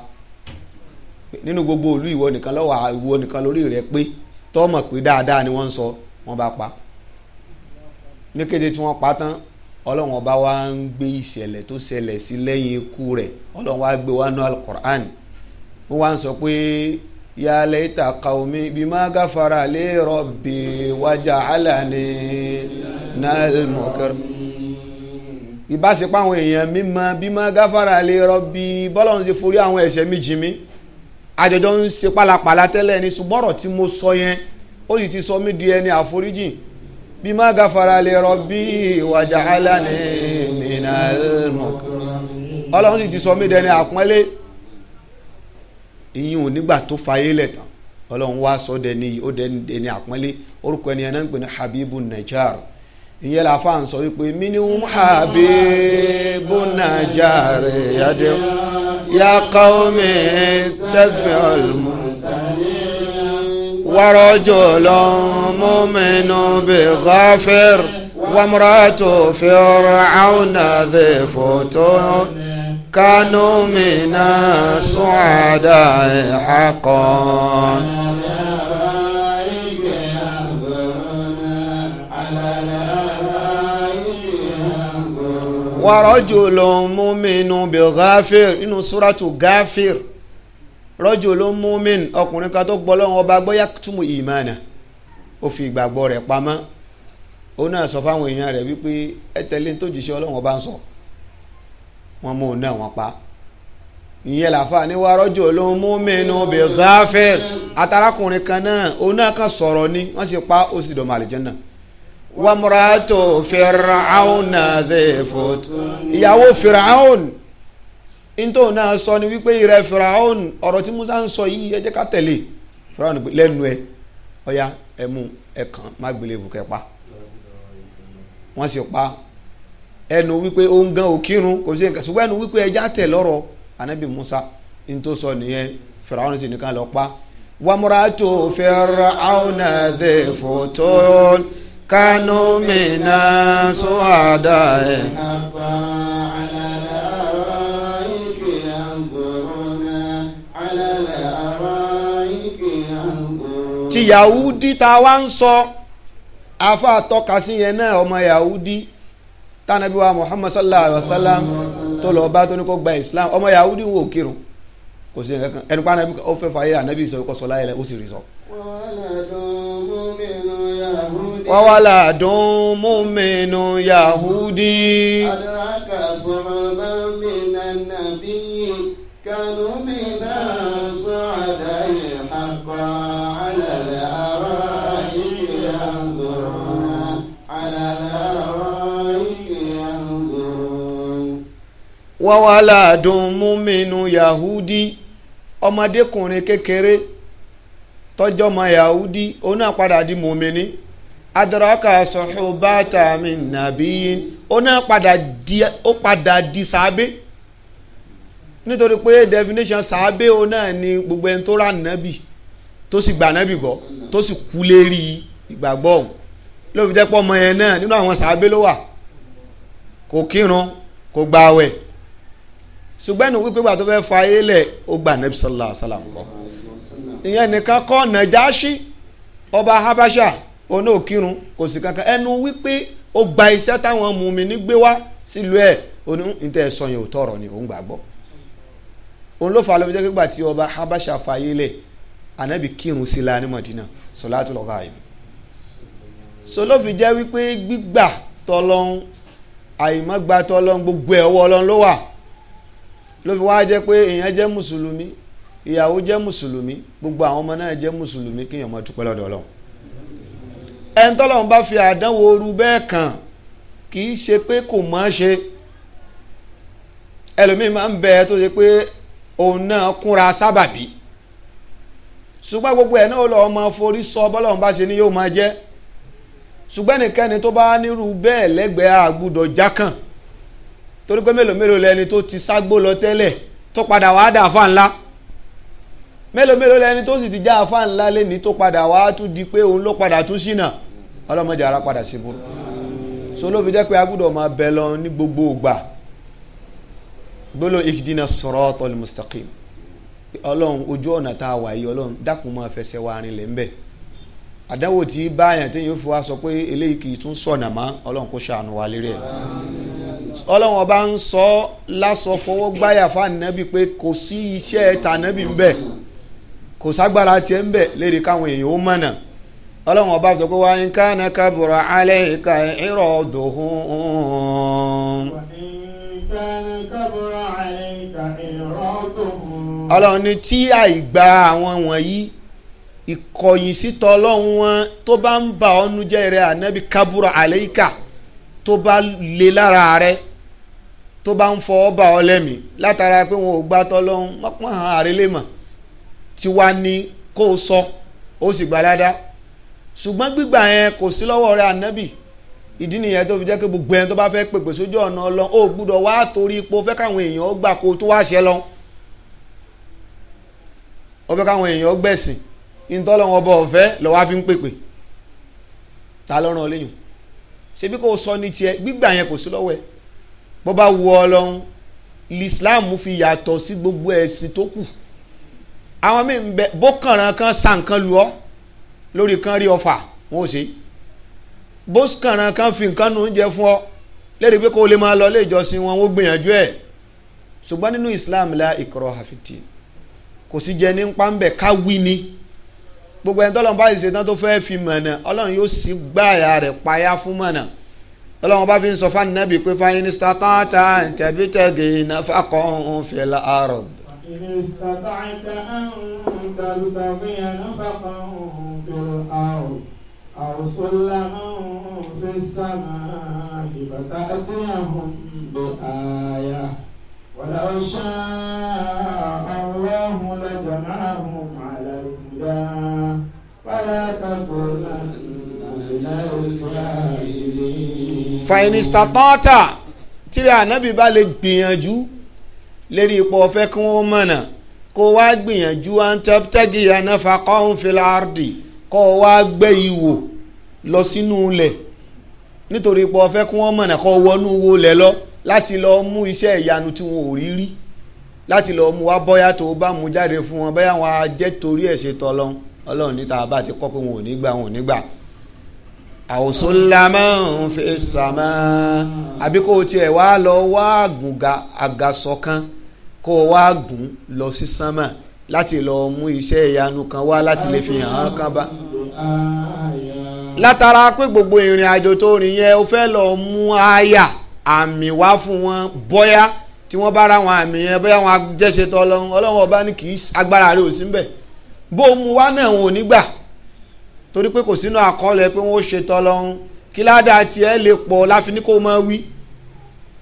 gbogbo ìwọ nìkan lọ́wọ́ tọ́mọ̀ pé dáadáa ni wọ́n ń sọ wọ́n bá pa ní kété tí wọ́n pa tán ọlọ́run ọba wa ń gbé ìṣẹ̀lẹ̀ tó ṣẹlẹ̀ sí lẹ́yìn ikú rẹ̀ ọlọ́run wa gbé wa nú alukur'an ó wá ń sọ pé ya laita qaumi bima ghafara li rabbi waja'alani minal mukrimin ìbáṣepọ̀ àwọn èèyàn mímọ́ bima ghafara li rabbi bọ́lọ́run ti forí àwọn ẹ̀ṣẹ̀ mi jì mí àjọjọ ń ṣe pálapàla tẹ́lẹ̀ ní ṣùgbọ́n ọ̀rọ̀ tí mo sọ yẹn ó sì ti sọ mí di ẹni àforíjì bí má gàfara lè rọ bí ìwàjà alani minal mukram ọlọ́run sì ti sọ mí di ẹni àpọ́nlé ìyún nígbà tó fayé lẹ̀ ọlọ́run wá sọ dẹni ó dẹni àpọ́nlé orúkọ ẹni ẹni ń pè ní habibu najar ìyẹn la fa ń sọ wípé minimu habibu najar yadé. يا قوم اتبعوا المرسلين ورجل مؤمن بغافر وامرأة فرعون ذي فتون كانوا من السعداء حقا wa rajulun mu'minun bi ghafir nínú suratu ghafir rajulun mu'min ọkùnrin kan tó gbọ́ lọ́wọ́ ọba gbọ́yà túmù ìmánà ó fi ìgbàgbọ́ rẹ̀ pamọ́ ó náà sọ fáwọn èèyàn rẹ̀ wípé ẹ tẹ̀lé tó jíṣẹ́ Ọlọ́run ọba ń sọ wọn mú un náà wọn pa ìyẹn làfà ní wa rajulun mu'minun bi ghafir atarákùnrin kan náà òun náà kan sọ̀rọ̀ ni wọ́n sì pa ó sì dọ̀mọ̀ àlùjánnà náà wàmúratò fìràhún àdè fòt ìyàwó fìràhún nítorí náà sọ ni wípé ìrẹ fìràhún ọ̀rọ̀ tí musa ń sọ yìí ẹ jẹ́ ká tẹ̀lé fìràhún lẹ́nu ẹ ọ̀ya ẹ̀mú ẹ̀kan má gbélé bùkẹ́ pa wọ́n sì pa ẹnu wípé ó ń gan òkírun kò sí nǹkan ṣùgbọ́n ẹnu wípé ẹja tẹ̀ lọ́rọ̀ anabi musa nítorí sọ nìyẹn fìràhún sì nìkan lọ pa wàmúratò fìràhún àdè كانوا منا سعداء على الأرائك ينظرون على الأرائك ينظرون ti Yahudi tá a wá ń sọ afa tọ́ka sí náà ọmọ Yahudi tánàbí wa Muhammad sallallahu alaihi wa sallam tó lọ bá tó kó gba Islam ọmọ Yahudi wò kírun kò sí nǹkan kan ẹnu pa anabi ó fẹ́ fàyè anabi sọ kó sọ ó sì rí sọ wàwàlà dùn múmínú yahudi. adaraka sọ̀rọ̀bá mina nàbí kanu mina sọ àdáyé àpá àlàlẹ́ ara ìlú àndòrònà àlàlẹ́ ara ìlú àndòrònà. wàwàlà dùn múmínú yahudi ọmọdékùnrin kékeré tọjọ́ ọmọ yahudi òun náà di mùmíní adaraka sọ̀húbátà mi nàbí ó náà padà di ó padà di sàábé nítorí pé definition sàábé ó náà ni gbogbo ẹni tó rà nàbì tó sì gbà nàbì gbọ́ tó sì kú lérí ìgbàgbọ́ ọ̀hún ló fi dẹ́pọ̀ ọmọ yẹn náà nínú àwọn sàábé ló wà kò kírun kò gba àwẹ̀ ṣùgbọ́n ẹnu wípé gbà tó fẹ́ fa ayé lẹ̀ ó gbà nàbì sallallahu alaihi wasallam ìyẹn nìkan kọ́ nàjáṣí ọba habasha òun náà kírun kò sí kankan ẹnu wípé ó gba iṣẹ́ táwọn mùmíní gbé wá sílùú ẹ̀ onú níta ẹ̀sọ́ yẹn ò tọrọ ni òun gbàgbọ́ òun ló fà á lọ́wọ́ jẹ́ gbígbà tí ọba habasha fàyè lẹ̀ ànábì kírun sí la ní Madina sọláàtú lọ́gà yìí so ló fi jẹ́ wípé gbígbà tọlọ́hún àìmọ́gba tọlọ́hún gbogbo ẹ̀ ọwọ́ ọlọ́hún ló wà ló fi wá jẹ́ pé èèyàn jẹ́ mùsùlùmí ìyàwó jẹ́ mùsùlùmí gbogbo àwọn ọmọ náà jẹ́ mùsùlùmí kéèyàn máa dúpẹ́ lọ́dọ̀ ọlọ́run ẹni tọ́lọ́run bá fi àdánwò oru bẹ́ẹ̀ kàn kì í ṣe pé kò mọ́ ṣe ẹlòmíì máa ń bẹ tó ṣe pé òun náà kúnra sábàbí ṣùgbọ́n gbogbo ẹ̀ náà lọ́ọ́ ọmọ forí sọ bọ́lọ́run bá ṣe ni yóò máa jẹ́ ṣùgbọ́n nìkẹ́ni tó bá nírú bẹ́ẹ̀ lẹ́gbẹ̀ẹ́ àgbùdọ̀ jákàn torí pé mélòó mélòó lẹni tó ti ságbó lọ tẹ́lẹ̀ tó padà wàá mélòó mélòó lẹni tó sì ti já afá ńlá lẹ́ni tó padà wá tún di pé òun ló padà tún ṣìnà ọlọ́mọdé ara padà sí burú so jẹ́ pé a máa bẹ lọ ní gbogbo ìgbà gbọ́dọ̀ ihdina siratal mustaqim ọlọ́run ojú ọ̀nà tá a wà yìí ọlọ́run dákun máa fẹsẹ̀ wa rinlẹ̀ ńbẹ̀ àdánwò tí báyàn tí yóò fi wá sọ pé eléyìí kì í tún sọ̀nà mọ́ ọlọ́run kó ṣàánú wa lérí ẹ̀ ọlọ́run ọba ń sọ lásọ fọwọ́ gbáyà fáànàbì pé kò sí iṣẹ́ tànàbì ńbẹ̀ kò sagbara tiẹ̀ ń bẹ̀ lérí káwọn èèyàn ó mọ̀nà ọlọ́run ọba sọ pé wá ń ká kábùrọ̀ alẹ́ ìka ọ̀dọ̀ tí àìgbà àwọn wọ̀nyí ìkọ̀yìn wọn tó bá ń bà ọ́nú jẹ́ ànábì kábùrọ̀ alẹ́ tó bá lè lára tó bá ń fọ ọba ọlẹ́mì látara pé wọn tiwa ni kó o sọ ó sì gba ládá ṣùgbọ́n gbígbà yẹn kò sí lọ́wọ́ rẹ ànábì ìdí nìyẹn tó fi jẹ́ pé gbogbo ẹni tó bá fẹ́ pèpè sójú ọ̀nà ọlọ́n ó gbúdọ̀ wá torí ipò fẹ́ káwọn èèyàn ó gbà kó o tó wá ṣe lọ ó fẹ́ káwọn èèyàn ó gbẹ̀sìn ìtọ́lọ́wọ́n ọba ọ̀fẹ́ lọ́wọ́ fi ń pèpè ta lọ́rùn ọlẹ́yìn ṣebí kò sọ ní tiẹ̀ gbígbà yẹn kò sí lọ́wọ́ ẹ bó bá wu ọlọ́run Islam fi yàtọ̀ sí gbogbo ẹ̀sìn tó kù àwọn míì ń bẹ bókànràn kan sa nǹkan lu ọ lórí kan rí ọfà wọn ò ṣe bókànràn kan fi nǹkan nu oúnjẹ fún ọ lérí pé kó o lè máa lọ ilé ìjọsìn wọn wọ́n gbìyànjú ẹ̀ ṣùgbọ́n nínú Islam la ikraha fìtì kò sí jẹ ní pàmbẹ̀ ká wí ni gbogbo ẹni tọ́lọ́mù bá ṣe tán tó fẹ́ẹ́ fi mọ̀nà ọlọ́run yóò sì gbáàyà rẹ̀ payá fún mọ̀nà ọlọ́run bá fi ń sọ fún anabi pé fáyín ní sátán tá à ń tẹ̀bí kan ń fi la àrùn إن استطعت أن تبتغي نفقا في الأرض أو سلما في السماء فتأتيهم بآية ولو شاء الله لجمعهم على الهدى فلا تكونن من الكافرين فإن استطعت ترى النبي بالك بينجو lérí ipò ọ̀fẹ́ kí wọ́n mọ̀nà kó wá gbìyànjú antaptagi anafakọ́hún filardi kó wá gbẹ́ ìwò lọ sínú ilẹ̀ nítorí ipò ọ̀fẹ́ kí wọ́n mọ̀nà kó wọnú wo lẹ̀ lọ láti lọ mú iṣẹ́ ìyanu tí wọn ò rí rí láti lọ mú wa bọ́yá tó bá mú jáde fún wọn bẹ́ẹ̀ wọn á jẹ́ torí ẹ̀ ṣètò ọlọ́run ọlọ́run níta bá ti kọ́ pé wọn ò ní gbà wọn ò ní gbà àwòsólámọ́n fi sàmà àbí kó tiẹ̀ wá lọ wá àgùngà àgàsọ kan kó o wá gùn lọ sí sánmà láti lọ mú iṣẹ́ ìyanu kan wá láti lè fi hàn án kan bá látara pé gbogbo ìrìn àjò tó rìn yẹn o fẹ́ lọ mú àyà àmì wá fún wọn bóyá tí wọ́n bá ra wọn àmì yẹn bóyá wọn jẹ́ṣe tọ́ ọlọ́run ọlọ́run ọba ní kì í agbára rẹ̀ ò sí mbẹ̀ bó mu wá náà wọn ò ní gbà torí pé kò sínú àkọọ́lẹ̀ pé wọ́n ó ṣe tọ́ ọlọ́run kí ládàá tiẹ̀ lè pọ̀ láfi ní kó máa wí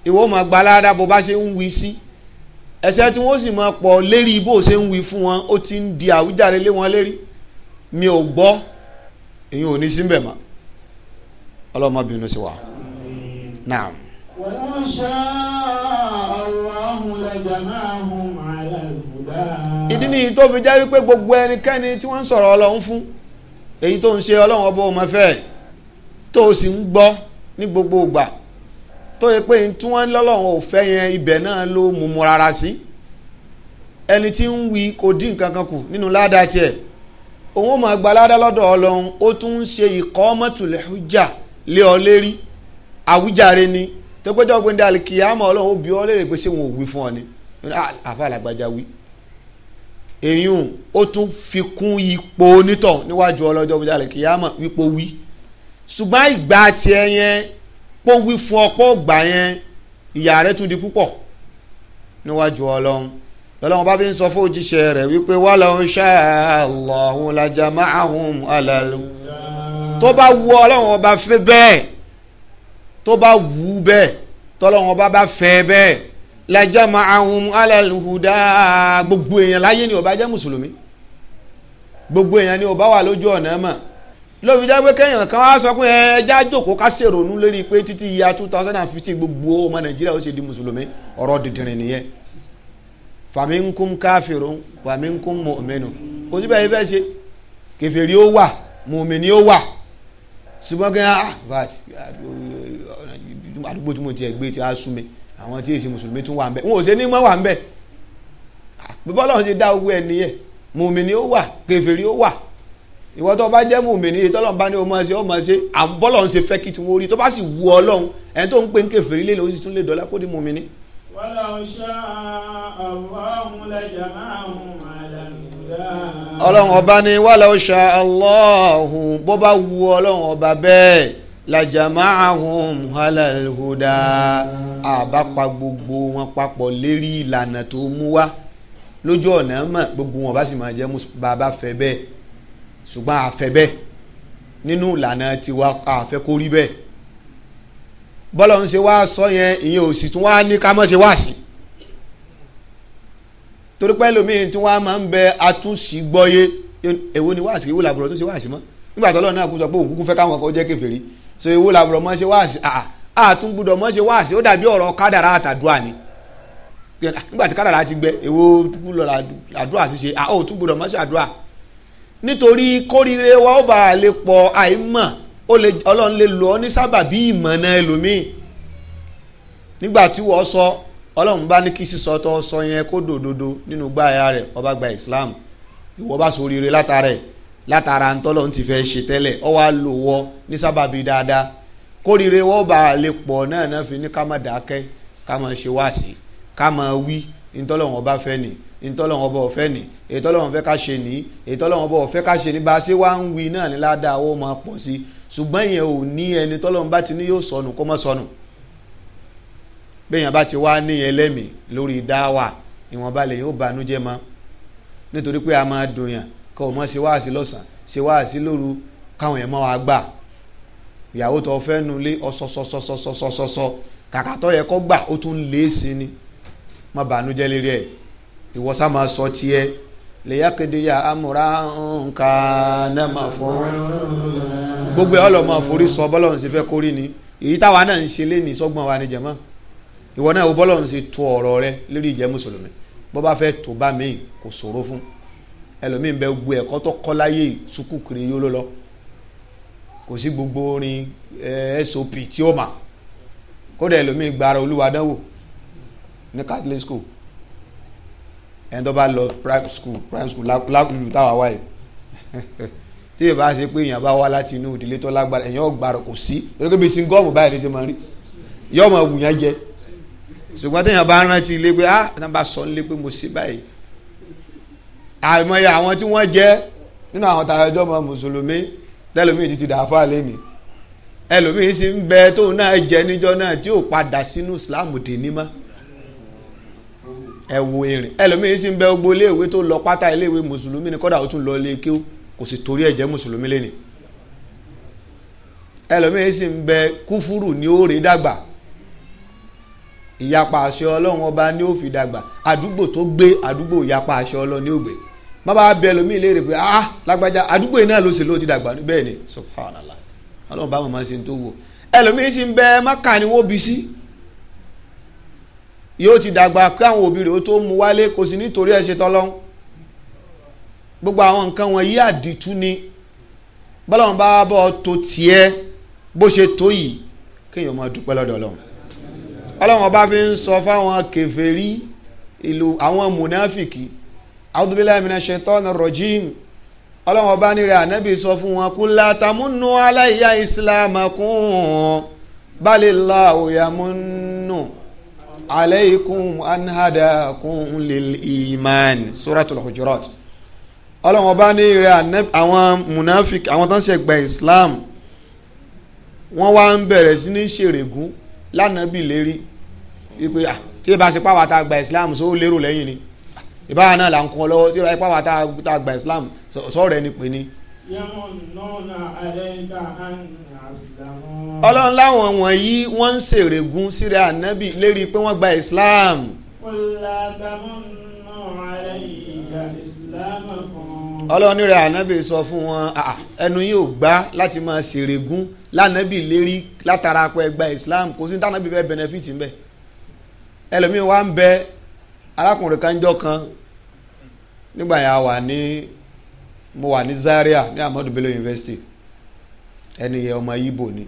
ìwọ máa gba bó bá ṣe ń wí sí. Si ese tí wọ́n sì máa leri lérí bó ṣe ń wí fún wọn ó ti ń di àwíjàre lé mi ò gbo èyí ò ní síbẹ̀ mọ́ sì wà. naam. wọ́n ṣá Allahu lajama'ahum 'ala al-huda. ìdí nìyí tó fi jẹ́ wípé gbogbo ẹnikẹ́ni tí wọ́n ń sọ̀rọ̀ ọlọ́run fún èyí tó ń ṣe ọlọ́run tó o sì ń gbogbo tó yẹ pé tí wọ́n lọ́lọ́run ò fẹ́ yẹn ibẹ̀ náà ló mú mu rárá sí ẹni tí ń wí kò dín nǹkan kan kù nínú ládàá tiẹ̀ òun máa gba ládàá lọ́dọ̀ ọlọ́run ó tún ń ṣe ìkọ́ mọ́tòlẹ́ ọjà lé ọ lérí àwùjáre ni tó gbẹ́jọ́ pé ní alikiyama ọlọ́run ó bí ọ léèrè pé ṣé wọn ò wí fún ọ ni àfa làgbàjá wí èyún ó tún fi kún ipò onítọ̀ níwájú ọlọ́jọ́ pé alikiyama wípé wí ṣùgbọ́n ìgbà tiẹ̀ yẹn pó wí fún ọpọ́ ọgbà yẹn ìyà rẹ tún di púpọ̀ níwájú ọlọ́run lọ́lọ́run bá fi ń sọ fún òjíṣẹ́ rẹ̀ wípé wà lọ́hún ṣáàlọ́hún lajà máàhùn alàlù tó bá wù ọlọ́run ọba fẹ́ bẹ́ẹ̀ tó bá wù bẹ́ẹ̀ tọ́lọ́run ọba bá fẹ́ bẹ́ẹ̀ lajà máàhùn alàlù hùdá gbogbo èèyàn láyé ni ó bá jẹ́ mùsùlùmí gbogbo èèyàn ni ó bá wà lójú ọ̀nà mọ̀ ló fi pé kan wá sọ pé ẹ já jòkó ká ṣèrònú lórí pé títí ya two thousand and gbogbo ọmọ nàìjíríà ó ṣe di mùsùlùmí ọrọ dìndìnrín nìyẹn fàmínkùn káfíró fàmínkùn mọ̀mẹ́nu kò síbẹ̀ fẹ́ ṣe kẹfẹ́rí ó wà ó wà ṣùgbọ́n kí á ah, àdúgbò tí mo tiẹ̀ gbé tí a sún mi àwọn tí èsì mùsùlùmí tún wà ń bẹ̀ ò ṣe ní mọ́ wà ń bẹ̀ ah, ìwọ tó bá jẹ́ mùmìnì tọ́lọ́n bá ní o máa ṣe o máa ṣe àbọ́lọ̀ ń ṣe fẹ́ kí tí wọ́n rí tó bá sì wù ọlọ́run ẹni tó ń pè ń kèfèrí lé lórí tún lè dọ́lá kó di mùmìnì. ọlọ́run ọba ni wàlẹ̀ ọ̀ṣà aláhùn bó bá wù ọlọ́run ọba bẹ́ẹ̀ lajama'ahum halal huda àbápa gbogbo wọn papọ̀ lérí ìlànà tó mú wá lójú ọ̀nà mọ̀ gbogbo wọn bá sì máa jẹ́ bàbá fẹ́ bẹ́ẹ̀ ṣùgbọ́n a fẹ́ bẹ́ẹ̀ nínú ìlànà tiwa a fẹ́ kó rí bẹ́ẹ̀ bọ́lá ń ṣe wá sọ yẹn ìyẹn ò sì tún wá ní ká má ṣe wá sí torí pé lómiì tí wọ́n máa ń bẹ atúnṣí gbọ́yé èwo ni wá sí èwo làbúrò tó ṣe wá sí mọ́ nígbà tó lọ́nà àkúsọ pé òun kúkú fẹ́ káwọn kan jẹ́ kèfèrí so èwo làbúrò mọ́ ṣe wá sí àà àtún gbúdọ̀ mọ́ ṣe wá sí ó dàbí ọ̀rọ̀ kádàrá àtàdúrà ni nígbà tí kádàrá ti gbẹ èwo lọ́la àdúrà ṣíṣe àà ó tún gbúdọ̀ mọ́ ṣe àdúrà nítorí kóríire wa ó bá lè pọ̀ àìmọ̀ ọlọ́run lè lò ọ́ ní sábàbí ìmọ̀nà ẹlòmíì nígbà tí wọ́n sọ ọlọ́run bá ní kí sísọ tó sọ yẹn kó dòdòdò nínú gbáyà rẹ̀ ọba gba Islam ìwọ bá sọ oríire látara ẹ̀ látara ntọ́lọ́run ti fẹ́ ṣe tẹ́lẹ̀ ọ wá lò wọ́ ní sábàbí dáadáa kóríire wa ó bá lè pọ̀ náà náà fi ní ká má dákẹ́ ká má ṣe wáàsí ká má wí ntọ́lọ́run ọba fẹ́ nìyí ìtọ́lọ́wọ́n bọ̀ ọ̀fẹ́ ni ìtọ́lọ́wọ́n fẹ́ ká ṣe ní ìtọ́lọ́wọ́n bọ̀ ọ̀fẹ́ ká ṣe ní bá a ṣe wá ń wí náà ní ládàá ó máa pọ̀ sí ṣùgbọ́n yẹn ò ní ẹni tọ́lọ́wọ́n bá ti ní yóò sọnù kó má sọnù bẹ́ẹ̀yàn bá ti wá ní ẹlẹ́mì lórí dáwà ìwọ̀nba lè yóò banújẹ́ mọ́ nítorí pé a máa dùnyàn kọ́ ọ mọ́ ṣe wá sí lọ́sàn ṣe wá sí lóru káwọn yẹn mọ́ wa gbà ìyàwó ìwọ sá máa sọ tiẹ̀ lèyàkédéyà amúra nǹkan náà máa fọ gbogbo ẹ ọlọmọ àforí sọ bọ́lọ́run ṣe fẹ́ kórìí ni èyí táwa náà ń ṣe léni sọgbọn wa ni jẹmọ ìwọ náà wo bọ́lọ́run ṣe tó ọ̀rọ̀ rẹ lórí ìjẹ mùsùlùmí bó bá fẹ́ tó bá mi kò ṣòro fún ẹlòmíín bẹ gbogbo ẹ̀kọ́ tó kọ́ láyé sukù kiri lọ kò sí gbogbo orin eh, sop tí ó mà kódà ẹlòmíín gbara olúwa dánwò ní catholic school ẹni tó bá lọ prime school prime school lákùlù táwa wáyé (laughs) tí ìbá ṣe pé èèyàn bá wá láti inú ìdílé tó lágbára èèyàn ò gbàrọ̀ kò sí lórí bí sin gọ́ọ̀mù báyìí ló ṣe máa rí yóò máa wù yẹn jẹ ṣùgbọ́n téèyàn bá rántí ilé pé ah náà bá sọ nílé pé mo ṣe báyìí àìmọye àwọn tí wọ́n jẹ́ nínú àwọn tààjọ́ ọmọ mùsùlùmí tẹlomi ti ti dà fún àlẹ́ mi ẹlòmíì sì ń bẹ tóun náà jẹ níjọ́ náà tí ò padà sínú ìsìláàmù dè ní mọ́ ẹ wo ìrìn ẹlòmíín sì ń bẹ gbogbo iléèwé tó lọ pátá iléèwé mùsùlùmí ni kódà ó tún lọ ilé kéwú kò sì torí ẹ̀ jẹ́ mùsùlùmí lẹ́nìí ẹlòmíín sì ń bẹ kúfúrù ní òòrè dàgbà ìyapa àṣẹ ọlọ́run ọba ni ó fi dàgbà àdúgbò tó gbé àdúgbò ìyapa àṣẹ ọlọ́run ó gbé bàbá bẹ léèrè pé ah lágbájá àdúgbò yìí náà ló ṣe ló ti dàgbà ni subhanallah ọlọ́run bá màmá ṣe yóò ti dàgbà káwọn òbí rẹ̀ ó tó mú wálé kò sí nítorí ẹ̀ ṣe tọ́lọ́hún gbogbo àwọn nǹkan wọn yí àdìtú ni bọ́lọ́run bá bọ́ tó tiẹ̀ bó ṣe tó yìí kéèyàn máa dúpẹ́ lọ́dọ̀ ọlọ́run ọlọ́run ọba fi ń sọ fáwọn kèfèrí ìlú àwọn mùnáfìkì audubilayi mina shaitan rojim ọlọ́run ọba nírẹ̀ ànábì sọ fún wọn kú látàmúnú aláìyá ìsìlámù kún balẹ̀ láòyàmúnú alaykum an hadakum lil iman suratul hujurat ọlọ́wọ́n bá ní rẹ̀ àwọn munafik àwọn tó ń ṣe gba islam wọ́n wá ń bẹ̀rẹ̀ sí ní ṣèrègùn lánàbì lérí wípé ah, tí ìbá ṣe pàwọ́ tá a gba islam só lérò lẹ́yìn ni ìbára náà là ń kọ́ lọ́wọ́ tí ìbá ṣe pàwọ́ tá gba islam sọ̀rọ̀ ẹni pè ní ọlọ́run láwọn wọ̀nyí wọ́n ń ṣèrègùn síra ànábì lérí pé wọ́n gba islam. ọlọ́run ní rẹ̀ ànábì sọ fún wọn ẹnu yóò gbà láti máa ṣèrègùn lánàbì lérí látara pé gba islam kò sí tánàbì fẹ́ benefit ń bẹ ẹlòmíín wá ń bẹ arákùnrin kan kan nígbà yà wà ní. Ni mo wà ní Zaria ní Ahmadu Bello University ẹni yẹn ọmọ Ìgbò ni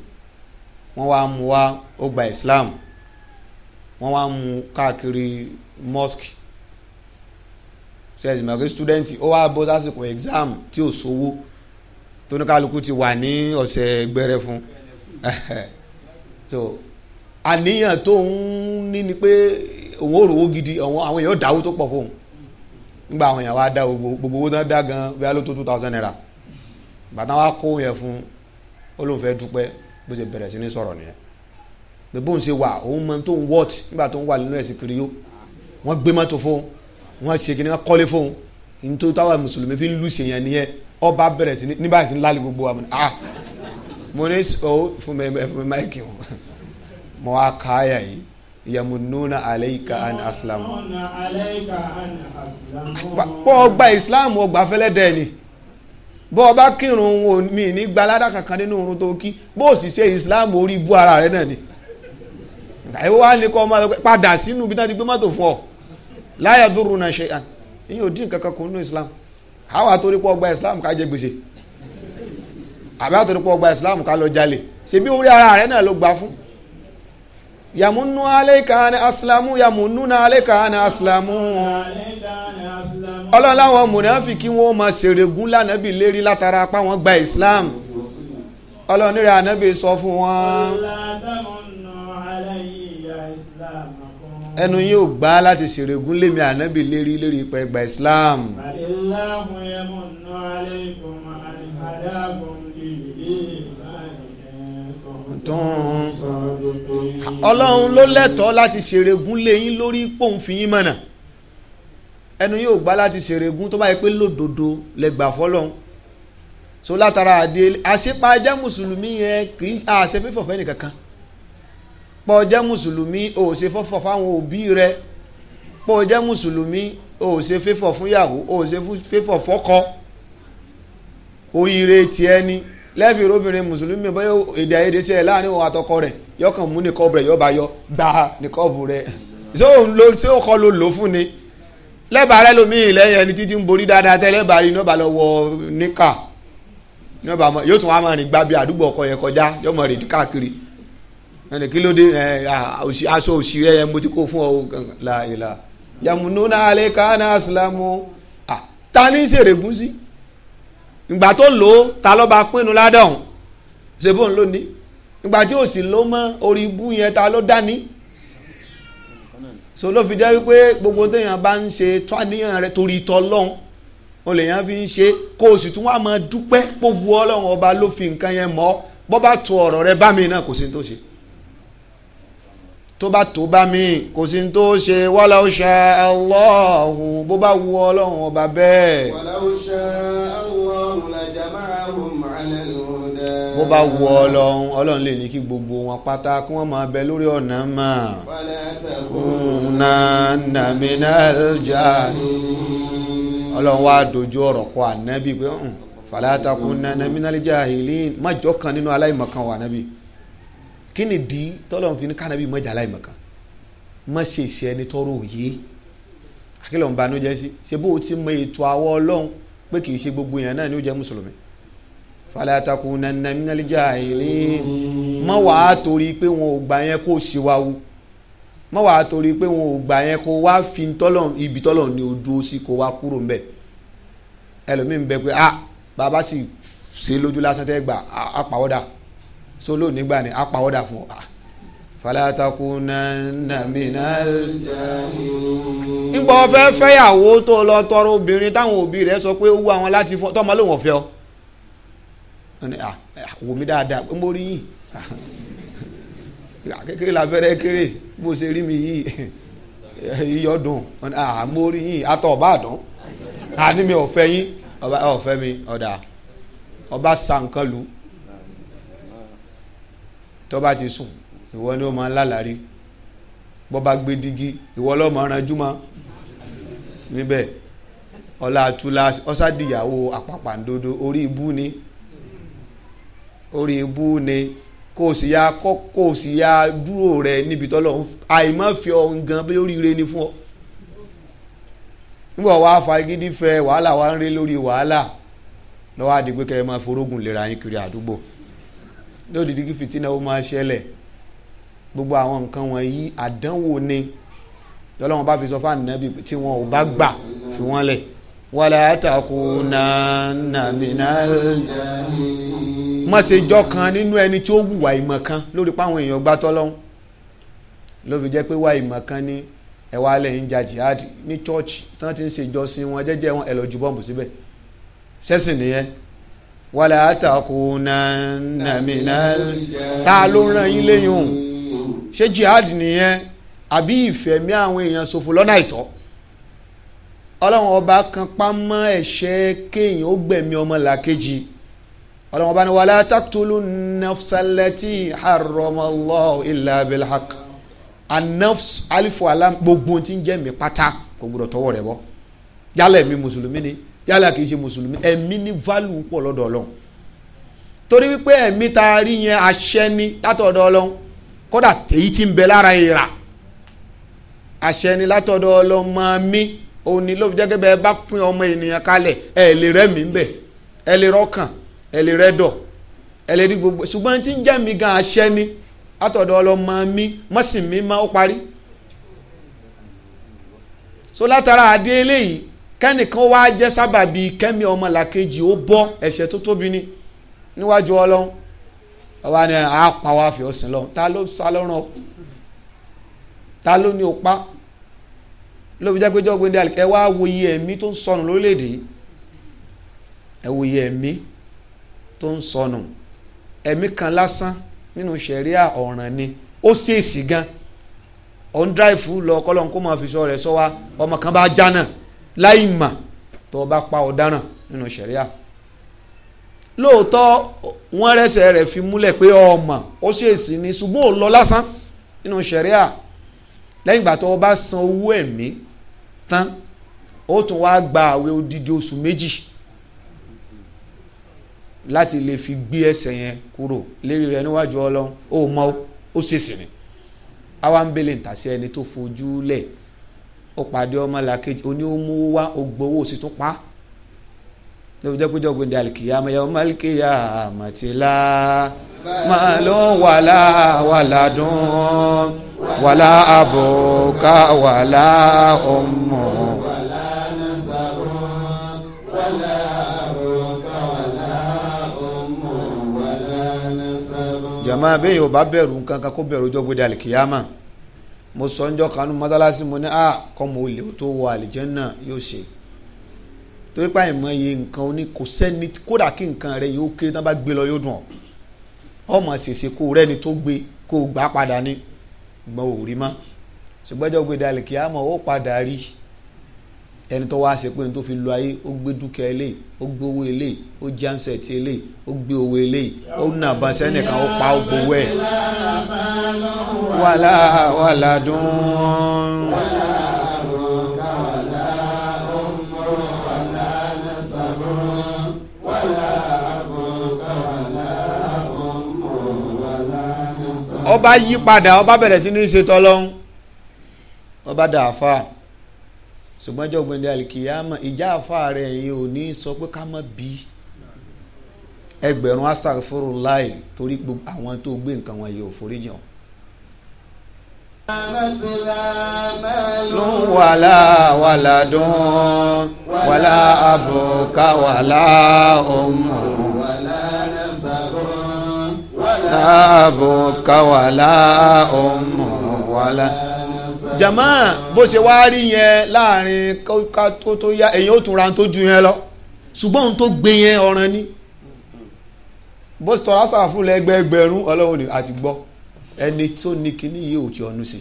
wọ́n wá mú wá ó gba Islam wọ́n wá mú káàkiri mosque ṣẹ́yìn mọ̀kí stúdẹ́ǹtì ó wá bọ́ sásìkò exam tí ò sówó tóníkàlùkù ti wà ní ọ̀sẹ̀ gbẹrẹ fún so àníyàn tó ń ní ni pé òun ò rówó gidi àwọn èèyàn dáwó tó pọ̀ fóun nígbà àwọn èèyàn wá dá gbogbo owó tán dá gan bí a tó two thousand naira bàtà wa kó yẹn fún ó lóun fẹ́ dúpẹ́ bó ṣe bẹ̀rẹ̀ sí ní sọ̀rọ̀ nìyẹn bẹ́ẹ̀ bóun ṣe wà òun mọ tó ń wọ́ọ̀tì nígbà tó ń wà nínú ẹ̀sìn kiri yó wọ́n gbé mọ́tò fún wọ́n ṣe kí ni wọ́n kọ́lé fún nítorí táwọn mùsùlùmí fi ń lù ṣèyàn nìyẹn ọba bẹ̀rẹ̀ sí ní báyìí sí ńlá gbogbo wa mo ní sọ ah, oh, fún mi ẹ fún mi máìkì mo wá ká àyà yìí yamununa aleika an aslamu. bọ́ ọ gba islam ọgbà fẹ́lẹ́ dẹ̀ ni bọ́ ọ bá kírun wọn mi ní gbalada kankan nínú irun tó kí bó o sì ṣe islam orí ibú ara rẹ náà ni àyẹ̀wò wa ní kọ́ ọmọ padà sínú ibi tá a ti gbé mọ́tò fún ọ láyà dúró náà ṣe àn ìyẹn ò kankan kún nínú islam àwa torí pé ọgbà islam ká jẹ gbèsè àbí àtòrí pé ọgbà islam ká lọ jalè ṣèbí orí ara rẹ náà ló gbà fún yàmúnú aléka ni asilamu yàmúnú na aléka ni asilamu ọlọ́run láwọn mùnàfíkì wọn máa ṣèrègùn lánàbí lérí látara apá wọn gba islam ọlọ́run rẹ̀ ànábì sọ fún wọn. ẹnu yín ò gbà láti ṣèrègùn lémi ànábì lérí lérí ipa ẹgbà islam. àdéhùn yẹn mọ̀ nù alẹ́ ìkùnmọ̀ àdéhùn àdéhùn lè rí tún ọlọ́run ló lẹ́tọ̀ọ́ láti ṣèrègùn léyìn lórí pòun fi yín mọ̀nà ẹnu yóò gbá láti ṣèrègùn tó bá yẹ pé lódodo lẹ́gbà fọlọ́run so látara àdé àṣepàjẹ́ mùsùlùmí yẹn kì í àṣẹ fífọ̀fẹ́ nìkankan pọ̀ jẹ́ mùsùlùmí ò ṣe fọ́fọ́ fáwọn òbí rẹ pọ̀ jẹ́ mùsùlùmí ò ṣe fífọ̀ fún yàwó ò ṣe fífọ̀ fọ́kọ oríire tiẹ̀ ni lẹ́ẹ̀fì obìnrin mùsùlùmí bóyá èdè àìyedè ṣe ẹ̀ láàrin òun àtọkọ rẹ̀ yọkàn mú nìkọ́ọ̀bù rẹ̀ yọba yọ gba nìkọ́ọ̀bù rẹ̀ ṣé òun ló ṣé òun kọ́ ló lò fún ni lẹ́bàá rẹ̀ lómi ìlẹ́yìn ẹni títí ń borí dáadáa tẹ́ lẹ́bàá rí nọ́ọ̀bà lọ wọ níkà nọ́ọ̀bà yóò tún wá máa rìn gbábi àdúgbò ọkọ yẹn kọjá yóò máa rìn káàkiri ẹni kí ló dé ẹ aṣọ òṣì yẹn mo ti kó fún ọ láàyè la yàmùnú náà alẹ́ ká náà sílámù ta ní ṣèrègùn sí ìgbà tó lò ó ta ló bá pinnu ládàhùn ṣe fóun ló ní ìgbà tí ò sì ló mọ́ orí ibú yẹn ta ló dání so ló fi jẹ́ wípé gbogbo téèyàn bá ń ṣe tó àníyàn rẹ torí ìtọ́ lọ́hùn o lè yàn fi ń ṣe kó o sì tún wá máa dúpẹ́ gbogbo ọlọ́run ọba ló fi nǹkan yẹn mọ́ bọ́ bá tó ọ̀rọ̀ rẹ bá mi náà kò sí ní tó ṣe tó bá tó bá mi kò sí ní tó ṣe wàlá ó ṣe Allahu bó bá wu ọlọ́run ọba bẹ́ẹ̀. wàlá ó ṣe Allah bó bá wù ọlọ́run ọlọ́run lè ní kí gbogbo wọn pátá kí wọ́n máa bẹ lórí ọ̀nà máa kúnná nàmínà ẹ̀ljà ọlọ́run wá dojú ọ̀rọ̀ kọ ànábì pé fàlàtàkùn nàmínà ẹ̀ljà ìlí májọ́ kan nínú aláìmọ̀kan wà nábì kí ni di tọ́lọ́run fi ní kánábì mọ́jà aláìmọ̀kan má ṣe ṣe ẹni tọ́rọ òye akílọ̀ ń banújẹ́ sí ṣe bó o ti mọ ètò àwọ̀ ọlọ́run pé kì í ṣe gbogbo èèyàn náà ni ó jẹ́ mùsùlùmí fala takunanna minal jahilin má wàá torí pé wọn ò gbà yẹn kó ṣìwáwú má wàá torí pé wọn ò gbà yẹn kó wá fi tọ́lọ̀ ibi tọ́lọ̀ ni ó dúró sí kó wá kúrò ń bẹ̀ ẹlòmíì ń bẹ pé ah bàbá sì ṣe lójú lásán tẹ́ gbà apàwọ́dà so lónìí gbà ni apàwọ́dà fún ọ ah, fala takunanna minal jahilin. nígbà ọfẹ fẹyàwó tó lọ tọrọ obìnrin táwọn òbí rẹ sọ pé ó wú àwọn láti fọ tọmọ lòun ọfẹ ọ wò mí dáadáa pé mo yìí (laughs) kékeré la fẹ́rẹ́ kéré bó ṣe rí mi yìí iyọ̀ (laughs) dùn mo rí yìí atọ̀ ọba àdán àní mi ọ̀fẹ́ yín ọ̀fẹ́ mi ọ̀dà ọba sa nǹkan lù tọ́ba ti sùn ìwọ ni ó máa ń lálàrí bọ́ bá gbé dígí ìwọ lọ́mọ ranjú mọ́ níbẹ̀ ọlá àtúlá àpàpàǹdodo orí ibú ni orí ibú ni kò sì ya dúró rẹ níbi tọ́lọ̀ àìmọ́ fi gan bí oríire ni fún ọ wàá fa gidi fẹ wàhálà wàá ń rí lórí wàhálà lọ́wọ́ àdìgbé kẹ́ ẹ máa forógùn lera yín kiri àdúgbò kí fìtínà ó máa ṣẹlẹ̀ gbogbo àwọn nǹkan wọ̀nyí àdánwò ni lọ́lọ́wọ́n bá fi sọ fún ànábì tí wọn ò bá gbà fi wọ́n lẹ̀ wàlá àtàkùnà nàmínà má ṣe jọ kan nínú ẹni tí ó wùwà ìmọ̀ kan lórí pàwọn èèyàn gbá tọ́lọ́hún ló fi jẹ́ pé wà ìmọ̀ kan ní ẹ̀wà alẹ́ ń ja jihad ní chọ́ọ̀chì tí wọ́n ti ń ṣe ìjọsìn wọn jẹ́jẹ́ wọn ẹ̀ lọ ju bọ́ǹbù síbẹ̀ ṣẹ́sìn nìyẹn wàlá àtàkùnà nàmínà ta ló rán yín léyìn òun. ṣé jihad nìyẹn àbí ìfẹ̀mí àwọn èèyàn ṣòfò lọ́nà àìtọ́ ọlọ́run ọba kan pámọ́ ẹ̀ṣẹ̀ kéèyàn ó gbẹ̀mí ọmọ làkejì ọlọ́run ọba ni wala taqtulu nafsalati harramallahu illa bilhaq anafs alifu alam gbogbo ń jẹ́ mi pátá kò gbọdọ̀ tọwọ́ bọ́ yálà ẹ̀mí mùsùlùmí ni yálà mùsùlùmí ẹ̀mí pọ̀ kódà èyí tí ń bẹ lára ìrà àṣẹ ni látọ̀dọ̀ ọlọ́mọ mi òun ni ló fi jẹ́gẹ́ bẹ́ẹ̀ bá pín ọmọ ènìyàn kalẹ̀ ẹ lè rẹ́ mi bẹ̀ ẹ lè rọ́kàn ẹ lè rẹ́ dọ̀ ẹ lè rí gbogbo ṣùgbọ́n tí ń jẹ́ mi gan àṣẹ ni látọ̀dọ̀ ọlọ́mọ mi mọ́sìn mi máa ó parí so látara adé eléyìí kẹ́nìkan wá jẹ́ sábàbí kẹ́mi ọmọ làkejì ó bọ́ ẹ̀ṣẹ̀ tó tóbi ni níwájú ọlọ́run ọba ni a pa wá fi ọsìn lọ ta ló sá lọ́rùn ọ ta ló ní ọpá lóbi jẹ́ pé jọ́gbìn dàlí ẹ wá wo iye ẹ̀mí tó ń sọnù lórílẹ̀‐èdè yìí ẹ wo iye ẹ̀mí tó ń sọnù ẹ̀mí kan lásán nínú sẹ̀ríà ọ̀ràn ni ó ṣèèṣì gan ọ̀n dráìfù lọ kọ́lọ́n kó máa fi sọ rẹ̀ sọ wa ọmọ kan bá jánà láì mà tó o bá pa ọ̀daràn nínú sẹ̀ríà. No lóòótọ́ wọ́n rẹ́sẹ̀ rẹ̀ fi múlẹ̀ pé ọmọ ó ṣèèsì ni ṣùgbọ́n ò lọ lásán nínú ṣẹ̀ríà lẹ́yìn ìgbà tó o bá san owó ẹ̀mí tán ó tún wá gba àwẹ̀ odidi oṣù méjì láti lè fi gbé ẹ̀ṣẹ̀ yẹn kúrò lérí rẹ̀ níwájú Ọlọ́run ó mọ ó ṣèèsì ni àwa ń bèlè ntà ẹni tó fojú lẹ̀ ó pàdé ọmọ làkejì oní ó mú wá ó gbowó ó sì tún pa á lóbi jẹ́ péjọ gbèndé alikiyama yẹ ọmọ alikiyama ti la máa ló ń wàlá wàlá dùn wàlá àbùká wàlá ọmọ. jama bẹ́ẹ̀ yóò bá bẹ̀rù nǹkan kan kó bẹ̀rù ọjọ́ gbèdé alikiyama mo sọ ń jọ kanu mọ́tálásí mo ní a ah, kọ́ mo lè tó wọ àlìjẹ́ yóò ṣe torí pé àìmọ iye nǹkan oní kò sẹ́ni kódà kí nǹkan rẹ yóò kéré tán bá gbé lọ yóò dùn ọ́ ọmọ ṣèṣe kó rẹ́ni tó gbé kó gbà padà ní ìgbọ́n ò rí mọ́ ṣùgbọ́njọ́ gbé dalẹ̀ kí á mọ̀ ó padà rí ẹni tó wáá ṣe pé ní tó fi lu ayé ó gbé dúkìá eléyìí ó gbé owó eléyìí ó jẹ́ ansẹ̀tì eléyìí ó gbé owó eléyìí ó nà bàn sẹ́nìkan ó pa ó gbowó wàhálà wàhálà dùn. ọba yí padà ọba bẹ̀rẹ̀ sí ní ṣe tọ́lọ́hún ọba dà àfa ṣùgbọ́n jọ gbẹ̀ndẹ̀ alikiyama ìjà àfa rẹ̀ yìí ò ní sọ pé ká má bí ẹgbẹ̀rún astaghfirullah torí gbogbo àwọn tó gbé nǹkan wọn yìí ò foríjì hàn wàlá wàlá dùn wàlá àbùkà wàlá ọmọ àbùkà wàlà ọmọ wàlà. jama bó ṣe wá rí yẹn láàrin ká tó tó yá èyàn ó tún ra tó ju yẹn lọ ṣùgbọ́n ohun tó gbé yẹn ọ̀ràn ni bó ṣe tọ́ra sàfún lẹ́gbẹ́ ẹgbẹ̀rún ọlọ́run ni àti gbọ́ ẹni tó ní kíní yìí ò ti ọ̀nù sí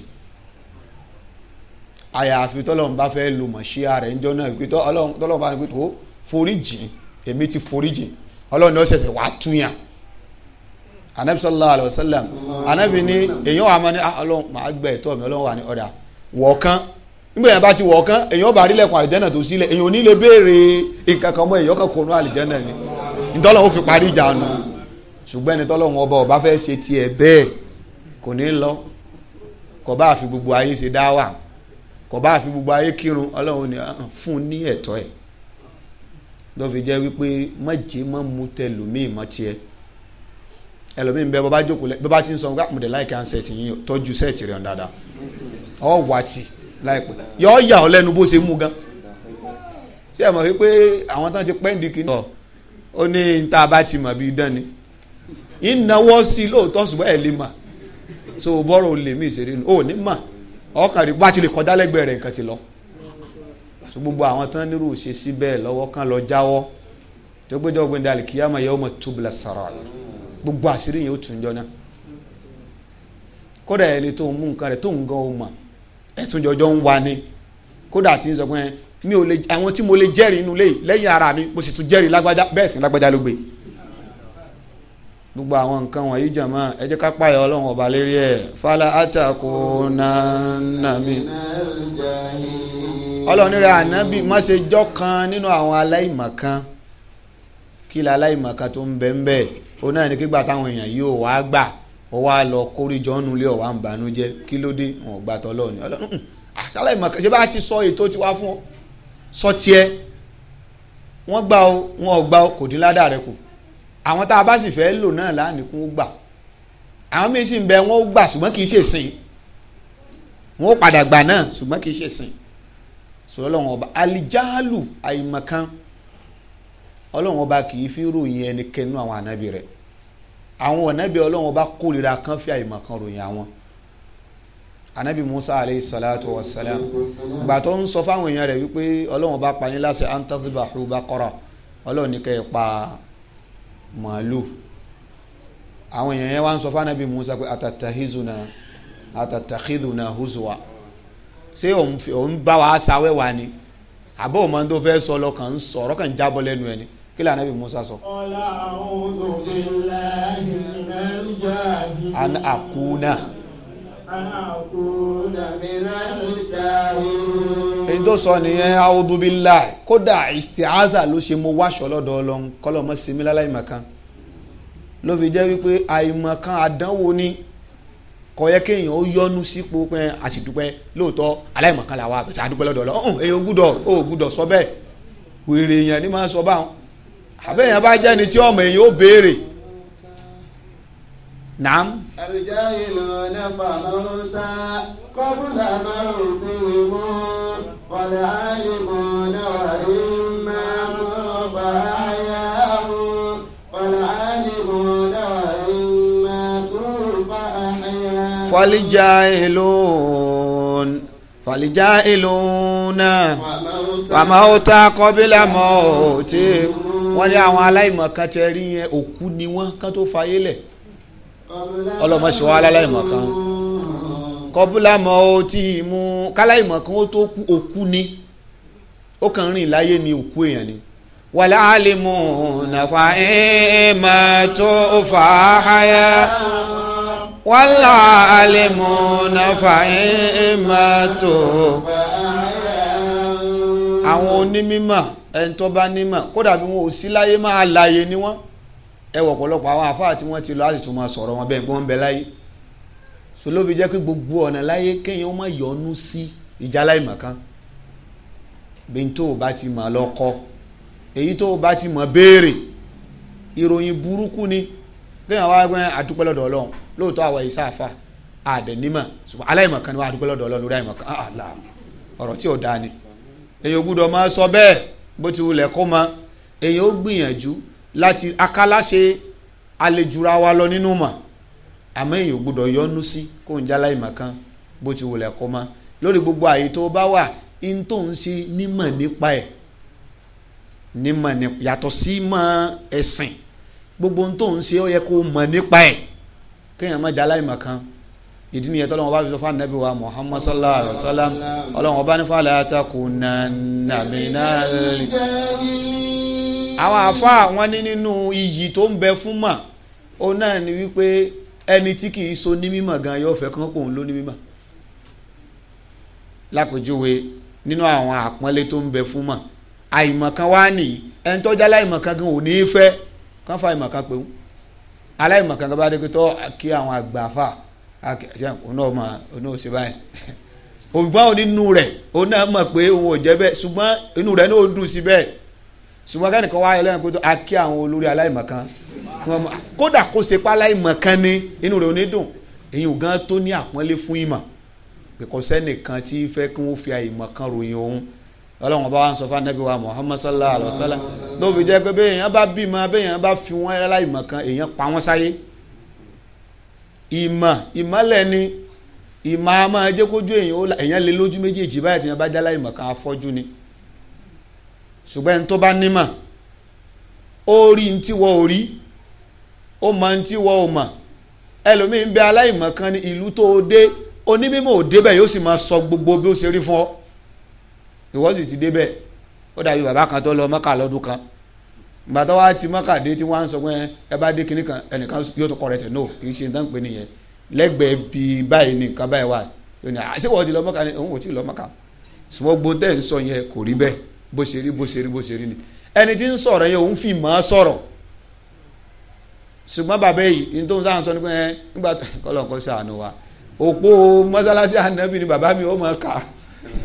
i àyàfi tọ́lọ́run bá fẹ́ lo mọ̀ṣíà rẹ̀ ńjọ́ náà pé tọ́lọ́run bá ní pé tó foríjìn èmi ti foríjìn ọlọ́run ni ó ṣẹ̀ṣẹ̀ wá túyàn anabi sallallahu sallam anabi ni èyàn wà ma ní ah, ọlọ́run máa gbẹ ẹ̀tọ́ mi ọlọ́run wà ní ọ̀dà wọ̀ọ̀kan nígbà yẹn bá ti wọ̀ọ̀kan èyàn bá rí lẹ́kùn àlìjẹ́nà tó sílẹ̀ èyàn ò ní lè béèrè nǹkan kan mọ́ èyàn kan kò nú àlìjẹ́nà ni ntọ́lọ́run ó fi parí ìjà nù ṣùgbọ́n ẹni tọ́lọ́run ọba ọba fẹ́ ṣe tiẹ̀ bẹ́ẹ̀ kò ní lọ kò bá fi gbogbo ayé ṣe dá wà kò bá fi gbogbo ayé kírun ọlọ́run ni ah, fún ní ẹ̀tọ́ ẹ̀ lọ́ fi jẹ́ wípé má jẹ́ má mú tẹlòmíì mọ́ tiẹ̀ ẹlòmíín bẹ bọba jókòó lẹ bọba ti ń sọ nǹkan àmúdẹ láìka ń sẹẹtì yín tọ́jú sẹẹtì rẹ dáadáa ọ wà tì láìpẹ́ yọ yà ọ lẹ́nu bó ṣe mú gan ṣé ẹ mọ̀ wípé àwọn tán ti pẹ́ǹdì kìíní. ó ní níta bá ti mọ̀ bíi dán ìnáwó sí lóòótọ́ ṣùgbọ́n ẹ̀ lè mà so bọ́rọ̀ olè mí ìṣeré nu ò ní mà ọkàn rí bá ti lè kọjá lẹ́gbẹ̀ẹ́ rẹ̀ nǹkan ti lọ so gbogbo àwọn tán nírú ṣe síbẹ̀ lọ́wọ́ kan lọ jáwọ́ tó gbẹjọ́ gbẹ̀dẹ̀ àlìkíyàmọ̀ yẹ́wọ́ mọ̀ tóbi la sàrọ̀ àlọ́ gbogbo àṣírí yẹn ó tún jọ náà kódà ẹni tó ń mú nǹkan rẹ̀ tó ń gan ọmọ ẹ̀tún jọjọ́ ń wa ni kódà tí ń sọ pé mi ò lè àwọn tí mo lè jẹ́rìí inú léyìí lẹ́yìn ara mi mo sì tún jẹ́rìí lágbájá bẹ́ẹ̀ sì lágbájá ló gbé gbogbo àwọn nǹkan wọ̀nyí jàmọ́ ẹ jẹ́ ká páyà ọlọ́run ọba lérí ẹ̀ fàlà àtàkù nàánàmí ọlọ́run rẹ̀ ànábì má ṣe jọ́ kan nínú àwọn aláìmọ̀kan kí la aláìmọ̀kan tó ń bẹ bẹ́ẹ̀ òun náà ní kígbà táwọn èèyàn yìí ò wá gbà ó wá lọ kórìjọ ń nulẹ̀ ọ̀wá ń banújẹ́ kí ló dé wọn ò gbà tọ́lọ́ ni ọlọ́run àṣálẹ̀ hmm, ìmọ̀ ṣé bá ti sọ ètò tiwa fún ọ sọ tiẹ̀ wọ́n gbà ó wọn ò gbà ó kò dín ládàá rẹ kù àwọn tá a bá sì fẹ́ lò náà lánìí kún ó gbà àwọn míì sì ń bẹ wọn ó gbà ṣùgbọ́n kì í ṣèsìn wọn ó padà gbà náà ṣùgbọ́n kì í ṣèsìn sọlọ́wọ́n ọba alijahalu àìmọ̀kan ọlọ́run ọba kì í fi ròyìn ẹnikẹ́ni àwọn ànábì rẹ̀ àwọn ànábì ọlọ́run ọba kórìíra kan fi àyèmọ̀ kan ròyìn àwọn ànábì Musa aleyhi salatu wa salam gbà tó ń sọ fáwọn èèyàn rẹ̀ wípé ọlọ́run ọba pa yín láṣẹ antazibahu baqara ọlọ́run ní kẹ́ ẹ pa màálù àwọn èèyàn yẹn wá ń sọ fún ànábì Musa pé atatahizuna atatakhiduna huzwa ṣé òun bá wa sáwẹ́ wa ni àbọ̀ òun máa fẹ́ sọ lọ́kàn ń sọ ọ̀rọ̀ kan jábọ́ lẹ́nu ẹni kí lànà bí Musa sọ. an akuna. an akuna minal jahilin. èyí tó sọ nìyẹn a'udhu billahi kódà istiaza ló ṣe mo wáṣọ lọ́dọ̀ Ọlọ́run kọ́lọ́ mọ́ sinmi láláì mọ̀kan ló fi jẹ́ wípé àìmọ̀kan àdánwò ni kò yẹ kéèyàn ó yọnu sípò pé àṣìdúpẹ́ lóòótọ́ aláìmọ̀kan làwọn àbẹ̀sẹ̀ àdúpẹ́ lọ́dọ̀ Ọlọ́run èyí ò gbúdọ̀ ò gbúdọ̀ sọ bẹ́ẹ̀ wèrè èèyàn ni máa sọ báwọn àbẹ̀yẹn bá jẹ́ ni tí ọmọ èèyàn ó béèrè naam. àlùjáde lọ nípa lọ́rùn ta kọ́bùlà máa ń tì í mú wàlẹ̀ àyè mọ́ náà ìmọ̀ tó bá yá mú wàlẹ̀ àyè mọ́ náà ìmọ̀ tó bá yá. wàlẹ̀ jáde fàlìjà ìlú náà wàmà ó ta kọbílà mọ òtí wọn ní àwọn aláìmọ̀ kan tẹ rí yẹn òkú ni wọn kán tó fayé lẹ ọlọmọṣẹ wa aláìmọ̀ kan kọbílà mọ òtí mú káláìmọ̀ kan ó tó kú òkú ni ó kàn rìn láyé ni òkú èèyàn ni wàlẹ́ àlè mọ̀ nàfà ẹ̀ẹ́mà tó fà á háyà wàlá àlèmọ̀ nàfà ẹ̀ẹ́màtò. àwọn onímọ̀ ẹni tó bá nímọ̀ kódà bí wọn ò sí láyé máa láyé ni wọ́n ẹ wọ̀ ọ̀pọ̀lọpọ̀ àwọn àfáà tí wọ́n ti lọ á sì tún máa sọ̀rọ̀ wọn bẹ́ẹ̀ gbọ́n bẹ láyé solóbi jẹ́ pé gbogbo ọ̀nà láyé kéèyàn má yọnu sí ìjà láìmọ̀ kan bí n tó o bá ti mọ̀ lọ́kọ́ èyí tó o bá ti mọ̀ béèrè ìròyìn burúkú ni kéèyàn wá gbẹ́ àdúpẹ́ lọ́dọ̀ ọlọ́run lóòótọ́ àwọn ìṣe àfa àdẹ̀nímọ̀ ṣùgbọ́n aláìmọ̀kan ni wọ́n adúgbò lọ́dọ̀ ọlọ́run aláìmọ̀kan àlà ah, ọ̀rọ̀ tí ò dáa ni èyàn ò gbúdọ̀ máa sọ bẹ́ẹ̀ bó ti wulẹ̀ kó ma èyàn ó gbìyànjú láti akáláṣe alejura wa lọ nínú mọ̀ àmọ́ èyàn ò gbúdọ̀ yọnu sí kó ń jẹ́ aláìmọ̀kan bó ti wulẹ̀ kó ma lórí gbogbo àyè tó bá wà in tó ń ṣe nímọ̀ nípa ẹ̀ nímọ̀ yàtọ̀ sí mọ̀ ẹ̀sìn gbogbo tó ń ṣe ó yẹ kó mọ̀ nípa ẹ̀ kéèyàn má dá kan ìdí nìyẹn tó lọ́wọ́ bá fi sọ fún anabi wa muhammad sallallahu alayhi wa sallam ọlọ́wọ́ bá ní fàlẹ́ atakunanna minal àwọn àfa wọn ní nínú iyì tó ń bẹ fún mà ó náà ní wípé ẹni tí kì í so ní mímọ̀ gan yóò fẹ́ kán kóun ló ní fa àìmọ̀kan aláìmọ̀kan kan bá dé tó kí àwọn àgbàfà òun náà mọ̀ òun náà ṣe báyìí ògbọ́n (laughs) òun nínú rẹ̀ òun náà mọ̀ pé òun ò jẹ́ bẹ́ẹ̀ ṣùgbọ́n inú rẹ̀ náà ó dùn sí bẹ́ẹ̀ ṣùgbọ́n kẹ́nìkan wáyé lẹ́yìn pé tó a kí àwọn olórí aláìmọ̀kan kódà kó ṣe pa aláìmọ̀kan ni inú rẹ̀ ò ní dùn èyí ò gan tó ní àpọ́nlé fún ìmọ̀ pẹ̀kọ́sẹ́ nìkan tí fẹ́ kí wọ́n fi àìmọ̀kan ròyìn òun ọlọ́run ọba wa ń sọ fún anabi wa muhammad sallallahu alayhi wa sallam ló jẹ́ pé béèyàn bá bímọ béèyàn bá fi wọ́n aláìmọ̀ kan èèyàn pa wọ́n sáyé ìmọ̀ ìmọ̀lẹ̀ ni ìmọ̀ a máa jẹ́ kójú èèyàn ó èèyàn lé lójú méjèèjì báyìí tí bá ni ṣùgbọ́n ẹni tó bá nímọ̀ ó rí ní tí wọ́n ò rí ó mọ ní tí wọ́n ò o dé onímọ̀ ò sọ gbogbo bí ó ìwọ sì ti débẹ̀ ó dàbí bàbá kan tó lọ mọ́kà lọ́dún kan ìgbà tó wá ti mọ́kà dé tí wọ́n á sọ pé ẹ bá dé kinní kan ẹnìkan yóò tó no kì í ṣe nǹkan pé nìyẹn lẹ́gbẹ̀ẹ́ bí báyìí ní nǹkan báyìí wà yóò ní ti lọ mọ́kà ni òun ò tí ì lọ mọ́kà ni ẹni tí ń sọ̀rọ̀ yẹn òun fi mọ́ sọ̀rọ̀ ṣùgbọ́n bàbá yìí ní tó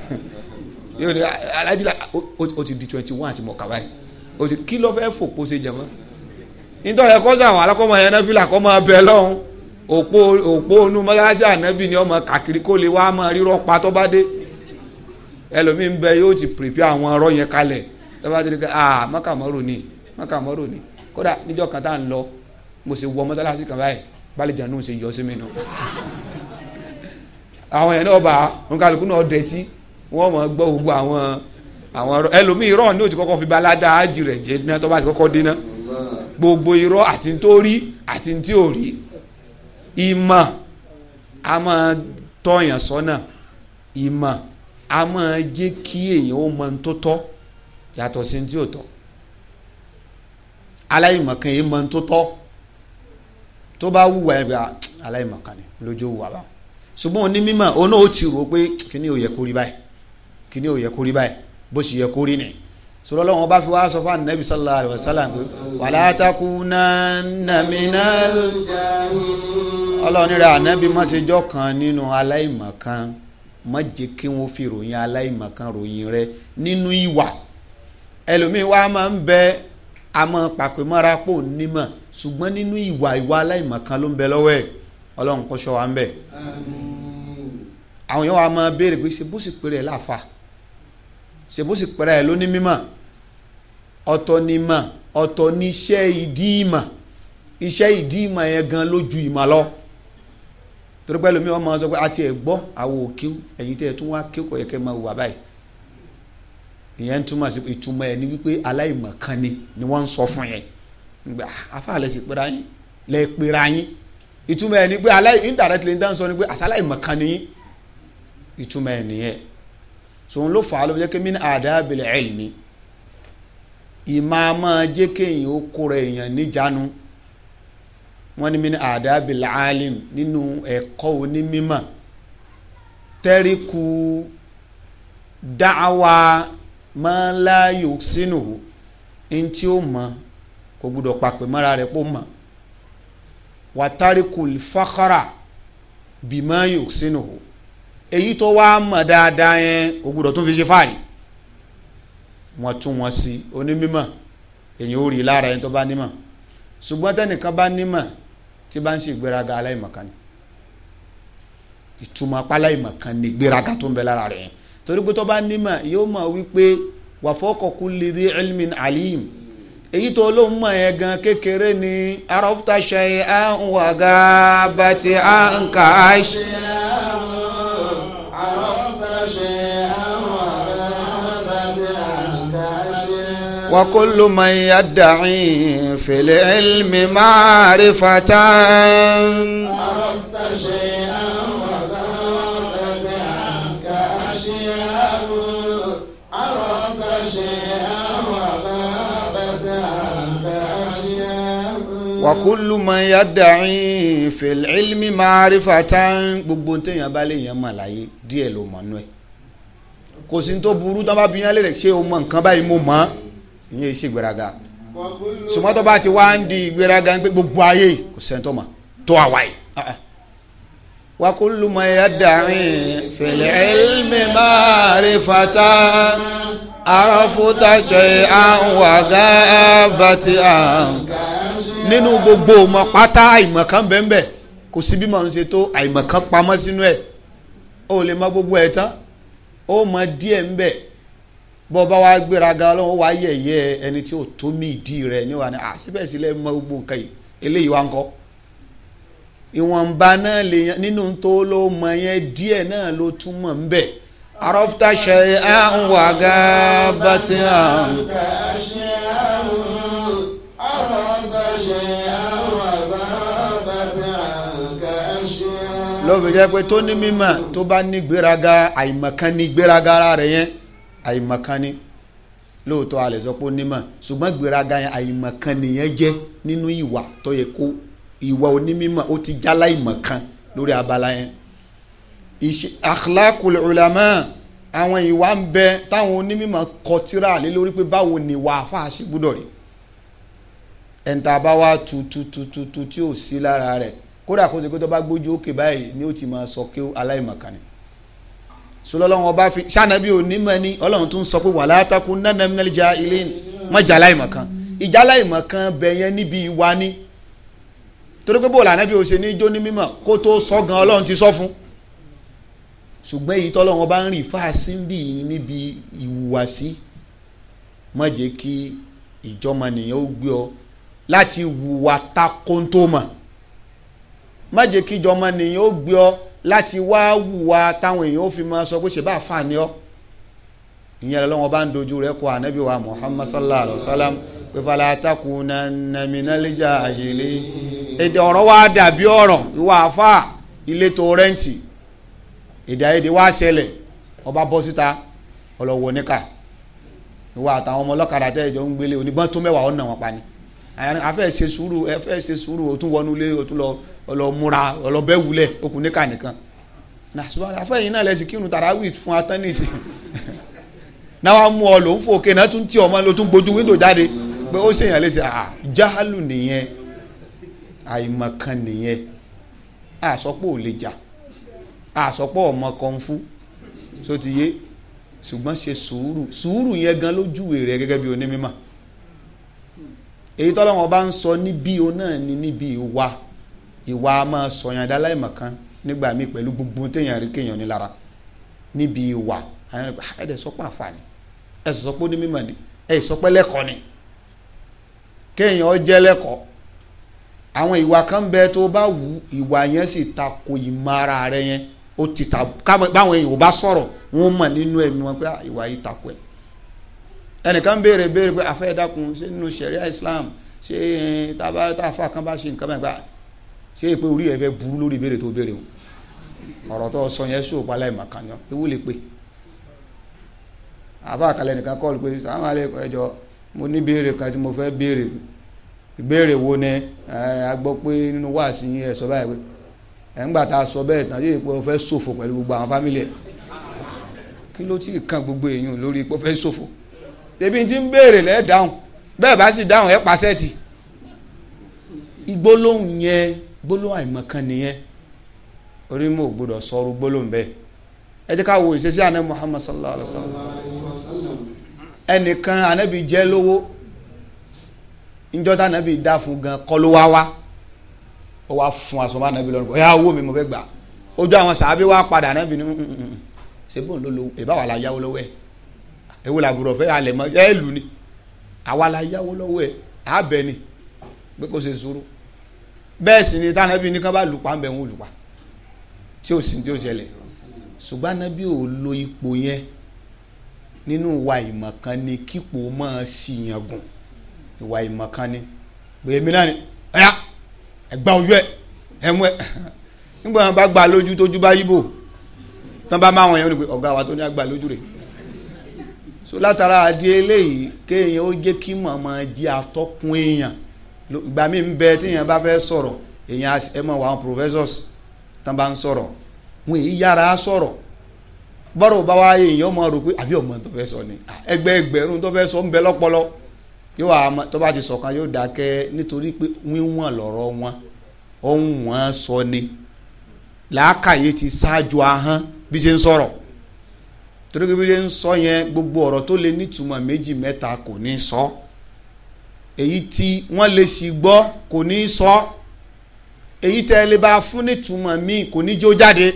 ni yóò ní alájí la ó ti di twenty one àti mọ̀ kaba yìí ó ti kí ló fẹ́ fòpó ṣe jẹ mọ́ nítorí ẹ̀kọ́ sọ àwọn alákọ̀ọ́mọ yẹn náfìlà kọ́ máa bẹ lọ́hùn òpó òpó onú mọ́sálásí ànábì ni ọmọ kàkiri kó lè wá máa rírọ́ pa tó bá dé ẹlòmíín bẹ yóò ti pèpè àwọn ọ̀rọ̀ yẹn kalẹ̀ tó bá dé ah mọ́kàmọ́rò ni mọ́kàmọ́rò ni kódà níjọ́ kan tá à ń lọ mo sì wọ mọ́sálásí kan báyìí bálẹ̀jà náà ṣe yọ sí mi nù àwọn yẹn náà bá nǹkan àlùkù náà dẹ̀tí wọ́n mọ̀ gbọ́ gbogbo àwọn àwọn ọ̀rọ̀ ẹlòmíì irọ́ ní òtí kọ́kọ́ fi balada ájì rẹ̀ jẹ́ ní atọ́ bá ti kọ́kọ́ dínà gbogbo irọ́ àti tó rí àti tí ò rí ìmọ̀ a máa tọ̀yàn sọ́nà ìmọ̀ a máa jẹ́ kí èèyàn ó mọ tó tọ́ yàtọ̀ sí tí ò tọ́ aláìmọ̀kan yìí mọ tó tọ́ tó bá wùwà ẹ̀ bá ah, aláìmọ̀kan ni lójú wùwà bá ṣùgbọ́n onímọ̀ onáà ó ti rò ó pé kíní ò yẹ kó rí báyìí kíní ò yẹ kó rí báyìí bó sì yẹ kó rí ni sọlọ lọ́wọ́ wọn bá fi wá sọ fún anabi sallallahu alayhi wa sallam pé wala takunanna minal ọlọ́run rẹ̀ anabi má ṣe jọ́ kan nínú aláìmọ̀kan má jẹ́ kí wọ́n fi ròyìn aláìmọ̀kan ròyìn rẹ̀ nínú ìwà ẹlòmíì wa máa ń bẹ àmọ́ pàpẹ́ pò nímọ̀ ṣùgbọ́n nínú ìwà ìwà aláìmọ̀kan ló ń bẹ lọ́wọ́ ẹ̀ ọlọ́run kó wa ń bẹ. àwọn yẹn wà máa béèrè pé ṣe bó sì péré láàfà ṣe bó sì pẹ́ra ẹ̀ lóní mímọ̀ ọ̀tọ̀ ni mà ọ̀tọ̀ ni iṣẹ́ ìdí ìmọ̀ iṣẹ́ ìdí ìmọ̀ yẹn gan ló ju ìmọ̀ lọ torí pẹ́ lómi ọmọ sọ pé àti ẹ̀ gbọ́ àwọn òkè ẹ̀yin tẹ́ ẹ tún wá kéwọ́ yẹ kẹ́ máa wà báyìí ìyẹn túmọ̀ sí ìtumọ̀ ẹ̀ ní wípé aláìmọ̀ kan ni ni wọ́n ń sọ fún yẹn gbà afáàlẹ̀ sì pera yín lẹ́ pera yín ìtumọ̀ ẹ̀ ní pé aláì indirectly ń dá sọ ni pé àṣà aláìmọ̀ kan ni yín ìtumọ̀ ẹ̀ nìyẹn sòun ló fà á ló fi jẹ́ kí min adabil ilmi ìmáàmá jẹ́ kéèyàn ó kóra èèyàn níjánu wọ́n ní min adabil alim nínú ẹ̀kọ́ onímímọ̀ tẹ́ríkù dáhàwá máa láàyò sínú ẹni ó mọ̀ kò gbúdọ̀ pàpè mọ́ra rẹ̀ pò mọ̀ wàtárìkù fákàrà bímọ yòó sínú èyí tó wá mọ̀ dáadáa yẹn gbúdọ̀ fi ṣe fáàrí wọ́n tún wọn sí onímọ̀ èyí ò rí lára ẹni tó bá nímọ̀ ṣùgbọ́n tẹ́nìkan bá nímọ̀ tí bá ń ṣe ìgbéraga aláìmọ̀kan ni ìtumọ̀ apáláìmọ̀kan ni ìgbéraga tó ń bẹ lára rẹ̀ yẹn torí pé tó bá nímọ̀ yóò mọ̀ wípé wà fọ́kọ̀kú lè alim èyí tó ló ń mọ̀ yẹn gan kékeré ni ń وكل من يدعي في العلم معرفة عرفت شيئا وذهبت عنك أشياء عرفت شيئا وذهبت عنك أشياء وكل من يدعي في العلم معرفة gbogbo téèyàn bá léèyàn mọ̀ láyé díẹ̀ ló mọ̀ nú ẹ̀ kò sí tó burú tán bá bí yẹn lè ṣe o mọ̀ nǹkan báyìí mo mọ̀ ọ́ ìyẹn ṣe ìgbéraga ṣùgbọ́n bá ti wá ń di ìgbéraga ń pé gbogbo ayé kò sẹ́ńtọ́ mà tó àwa ah, yìí. Ah. wa kullu ma yadda'i fil ilmi ma'rifatan arafuta shay'an waga ghabati an. nínú gbogbo ma pátá àìmọ̀kan bẹ́ẹ̀ kò sí bí màá ń ṣe tó àìmọ̀kan pamọ́ sínú o le mọ gbogbo ẹ̀ tán o mọ díẹ̀ ń bọ́ bá wá gbéraga ọlọ́run wá yẹ̀yẹ́ ẹni tí ó tó mí ìdí rẹ ní ni ní àṣìbẹ̀sílẹ̀ mọ gbogbo nǹkan yìí eléyìí wá ń kọ́ ìwọ̀nba náà lè nínú tó ló mọ yẹn díẹ̀ náà ló tún mọ̀ ń bẹ̀ arọ́fútà ṣe é ń wà gá bá ti hàn. jẹ́ pé àìmọ̀kan ni lóòótọ́ alẹ̀ sọ pé ó nímọ̀ ṣùgbọ́n gbéraga yẹn àìmọ̀kan nìyẹn jẹ́ nínú ìwà tó yẹ kó ìwà onímọ̀ ó ti jálá ìmọ̀kan lórí abala yẹn ìṣe akhlaqul ulama àwọn ìwà ń bẹ táwọn onímọ̀ kọ tíra lé lórí pé báwo ni ìwà àfáà ṣe gbúdọ̀ rí ẹ̀ǹtà bá wá tutututu tí ò sí lára rẹ̀ kódà kó ṣe pé tó bá gbójú òkè báyìí ni ó ti máa sọ pé aláìmọ̀kan sọlọ́lọ́wọ́n ọba fi sànàbí onímọ̀ ẹni ọlọ́run tún sọ pé wala takunanna minal jahilin mọ̀ jàlá ìmọ̀kan ìjàlá ìmọ̀kan bẹ̀yẹn níbi ìwà ni torí pé bóòlù ànábì òṣè ní jó ní mímọ̀ kó tó sọ gan ọlọ́run ti sọ fún ṣùgbọ́n èyí tọ́lọ́run bá ń rìn fáàsì bí níbi ìhùwàsí má kí ìjọba ó gbé ọ láti hùwà takóńtó mọ̀ má kí ìjọba ó gbé ọ láti wá wùwà táwọn èèyàn ó fi máa sọ pé ṣe bá fà ní ọ ìyẹn lọ́wọ́ bá ń dojú rẹ̀ kọ ànábì wa muhammad sallallahu alayhi wa sallam pé fala takunanna minal jahilin èdè ọ̀rọ̀ wa dàbí ọ̀rọ̀ ìwà àfà ilé tó rẹ́ǹtì èdè àìyedè wa ṣẹlẹ̀ ọba bọ́ síta ọlọ́wọ́ níkà ìwà àtàwọn ọmọ ọlọ́kadà tẹ́ ìjọ ń gbélé onígbọ́n tó mẹ́wàá ọ̀nà wọn pa ni afẹ́ ṣe sùúrù afẹ́ ṣe sùúrù o tún wọnú ilé o tún lọ lọ múra lọ bẹ́ wulẹ̀ okùn níkà nìkan nàṣùbọ́n afẹ́ yìí náà lẹ́sìn kírun tarawih fún atánìsì (laughs) náà mú ọ lò ń fòkè náà tún tí ọmọ ló tún gbójú wíńdò jáde pé ó ṣèyàn lẹ́sìn à jáhálù nìyẹn àìmọ̀kan nìyẹn àsọpọ̀ ò lè jà àsọpọ̀ ọmọ kan fún sótìyé ṣùgbọ́n ṣe sùúrù sùúrù yẹn gan lójúwe rẹ gẹ́gẹ́ bí onímọ̀ èyí tọ́lọ́wọ́n bá ń sọ níbí o náà ni níbi ìwà ìwà a máa sọyàn dá nígbà míì pẹ̀lú gbogbo téèyàn rí kéèyàn ní níbi ìwà àwọn ẹgbẹ́ ah, ẹ̀ dẹ̀ sọ́pọ̀ ẹ̀ sọ́pọ̀ ní mímọ̀ ni ẹ̀ ni kéèyàn jẹ́ lẹ́kọ̀ọ́ àwọn ìwà kan bẹ tó bá wù ìwà yẹn sì ìmọ̀ ta èèyàn ò bá sọ̀rọ̀ wọ́n mọ̀ nínú ẹ̀mí wọn pé ah, ìwà ẹnìkan béèrè béèrè pé àfẹ́ dákun ṣé nínú sẹ̀ríà Islam ṣé eh, tàbá tàfà kan bá ṣe nǹkan mẹ́gbà ṣé èpè orí ẹ̀ burú lórí ìbéèrè béèrè tó sọ yẹn sóòpá ewu lè pe àbá nìkan kọ́ pé sàmà lè ẹjọ́ mo ní béèrè kan tí mo fẹ́ béèrè ìbéèrè wo ni pé nínú wáàsí sọ báyìí pé ẹ̀ ń gbà tá a sọ gbogbo àwọn fámìlì ẹ̀ tẹbi ti ń béèrè lẹ dáhùn bẹ́ẹ̀ bá sì dáhùn ẹ pàṣẹ ti ìgbólóhùn yẹn gbólóhùn àìmọ̀kan nìyẹn orí mò sọ̀rọ̀ gbólóhùn ẹ ká wo ìṣesí àná Muhammad sallallahu alaihi wa sallam ẹnìkan ànábì jẹ lówó njọta dá fún gan kọ́ wá wá ó wá fún asọmọ anabi lọ́rùn ọyà owó mi mo fẹ́ gbà ojú àwọn sàábí wá ewu làgùrọ̀ fẹ́ alẹ̀ mọ́ ẹ lù ni àwa la yáwó lọ́wọ́ ẹ àbẹ̀ ni pé kò ṣe sùúrù bẹ́ẹ̀ sì ni tànàbí ní ká bá lù pa ń bẹ̀ lù pa tí ò sí tí ó ṣẹlẹ̀ ṣùgbọ́n ànábì ò lo ipò yẹn nínú ìwà ìmọ̀kan ni kípò máa ṣìyàn gùn ìwà ìmọ̀kan ni gbèmí náà ni ẹ̀yà ẹ̀gbá ojú ẹ̀ ẹ̀mú ẹ̀ (laughs) nígbà wọn bá gbà lójú tójú bá yíbò tán bá máa wọn yẹn wọn ni pé ọ̀gá wa tó ní àgbà lójú rẹ̀ látara àdí eléyìí kéèyàn ó jẹ́ kí màmá di atọ́kùn èèyàn ìgbà mi ń bẹ bá fẹ́ sọ̀rọ̀ èèyàn ẹ mọ̀ wà tán bá ń sọ̀rọ̀ wọn èyí yára sọ̀rọ̀ bá wá èèyàn mọ̀ rò pé àbí ọmọ tó fẹ́ sọ ni ẹgbẹ́ ẹgbẹ̀rún tó fẹ́ sọ ń bẹ yóò wá tó bá ti sọ̀kan yóò dákẹ́ nítorí pé wíwọ̀n lọ̀rọ̀ wọn ohun wọn sọ ni làákàyè ti ṣáájú ahọ́n bí torí pé bí ń sọ yẹn gbogbo ọ̀rọ̀ tó lè nítumọ̀ méjì mẹ́ta kò ní sọ èyí tí wọ́n lè sì gbọ́ kò ní sọ èyí tẹ́ lè bá fún nítumọ̀ míì kò ní jó jáde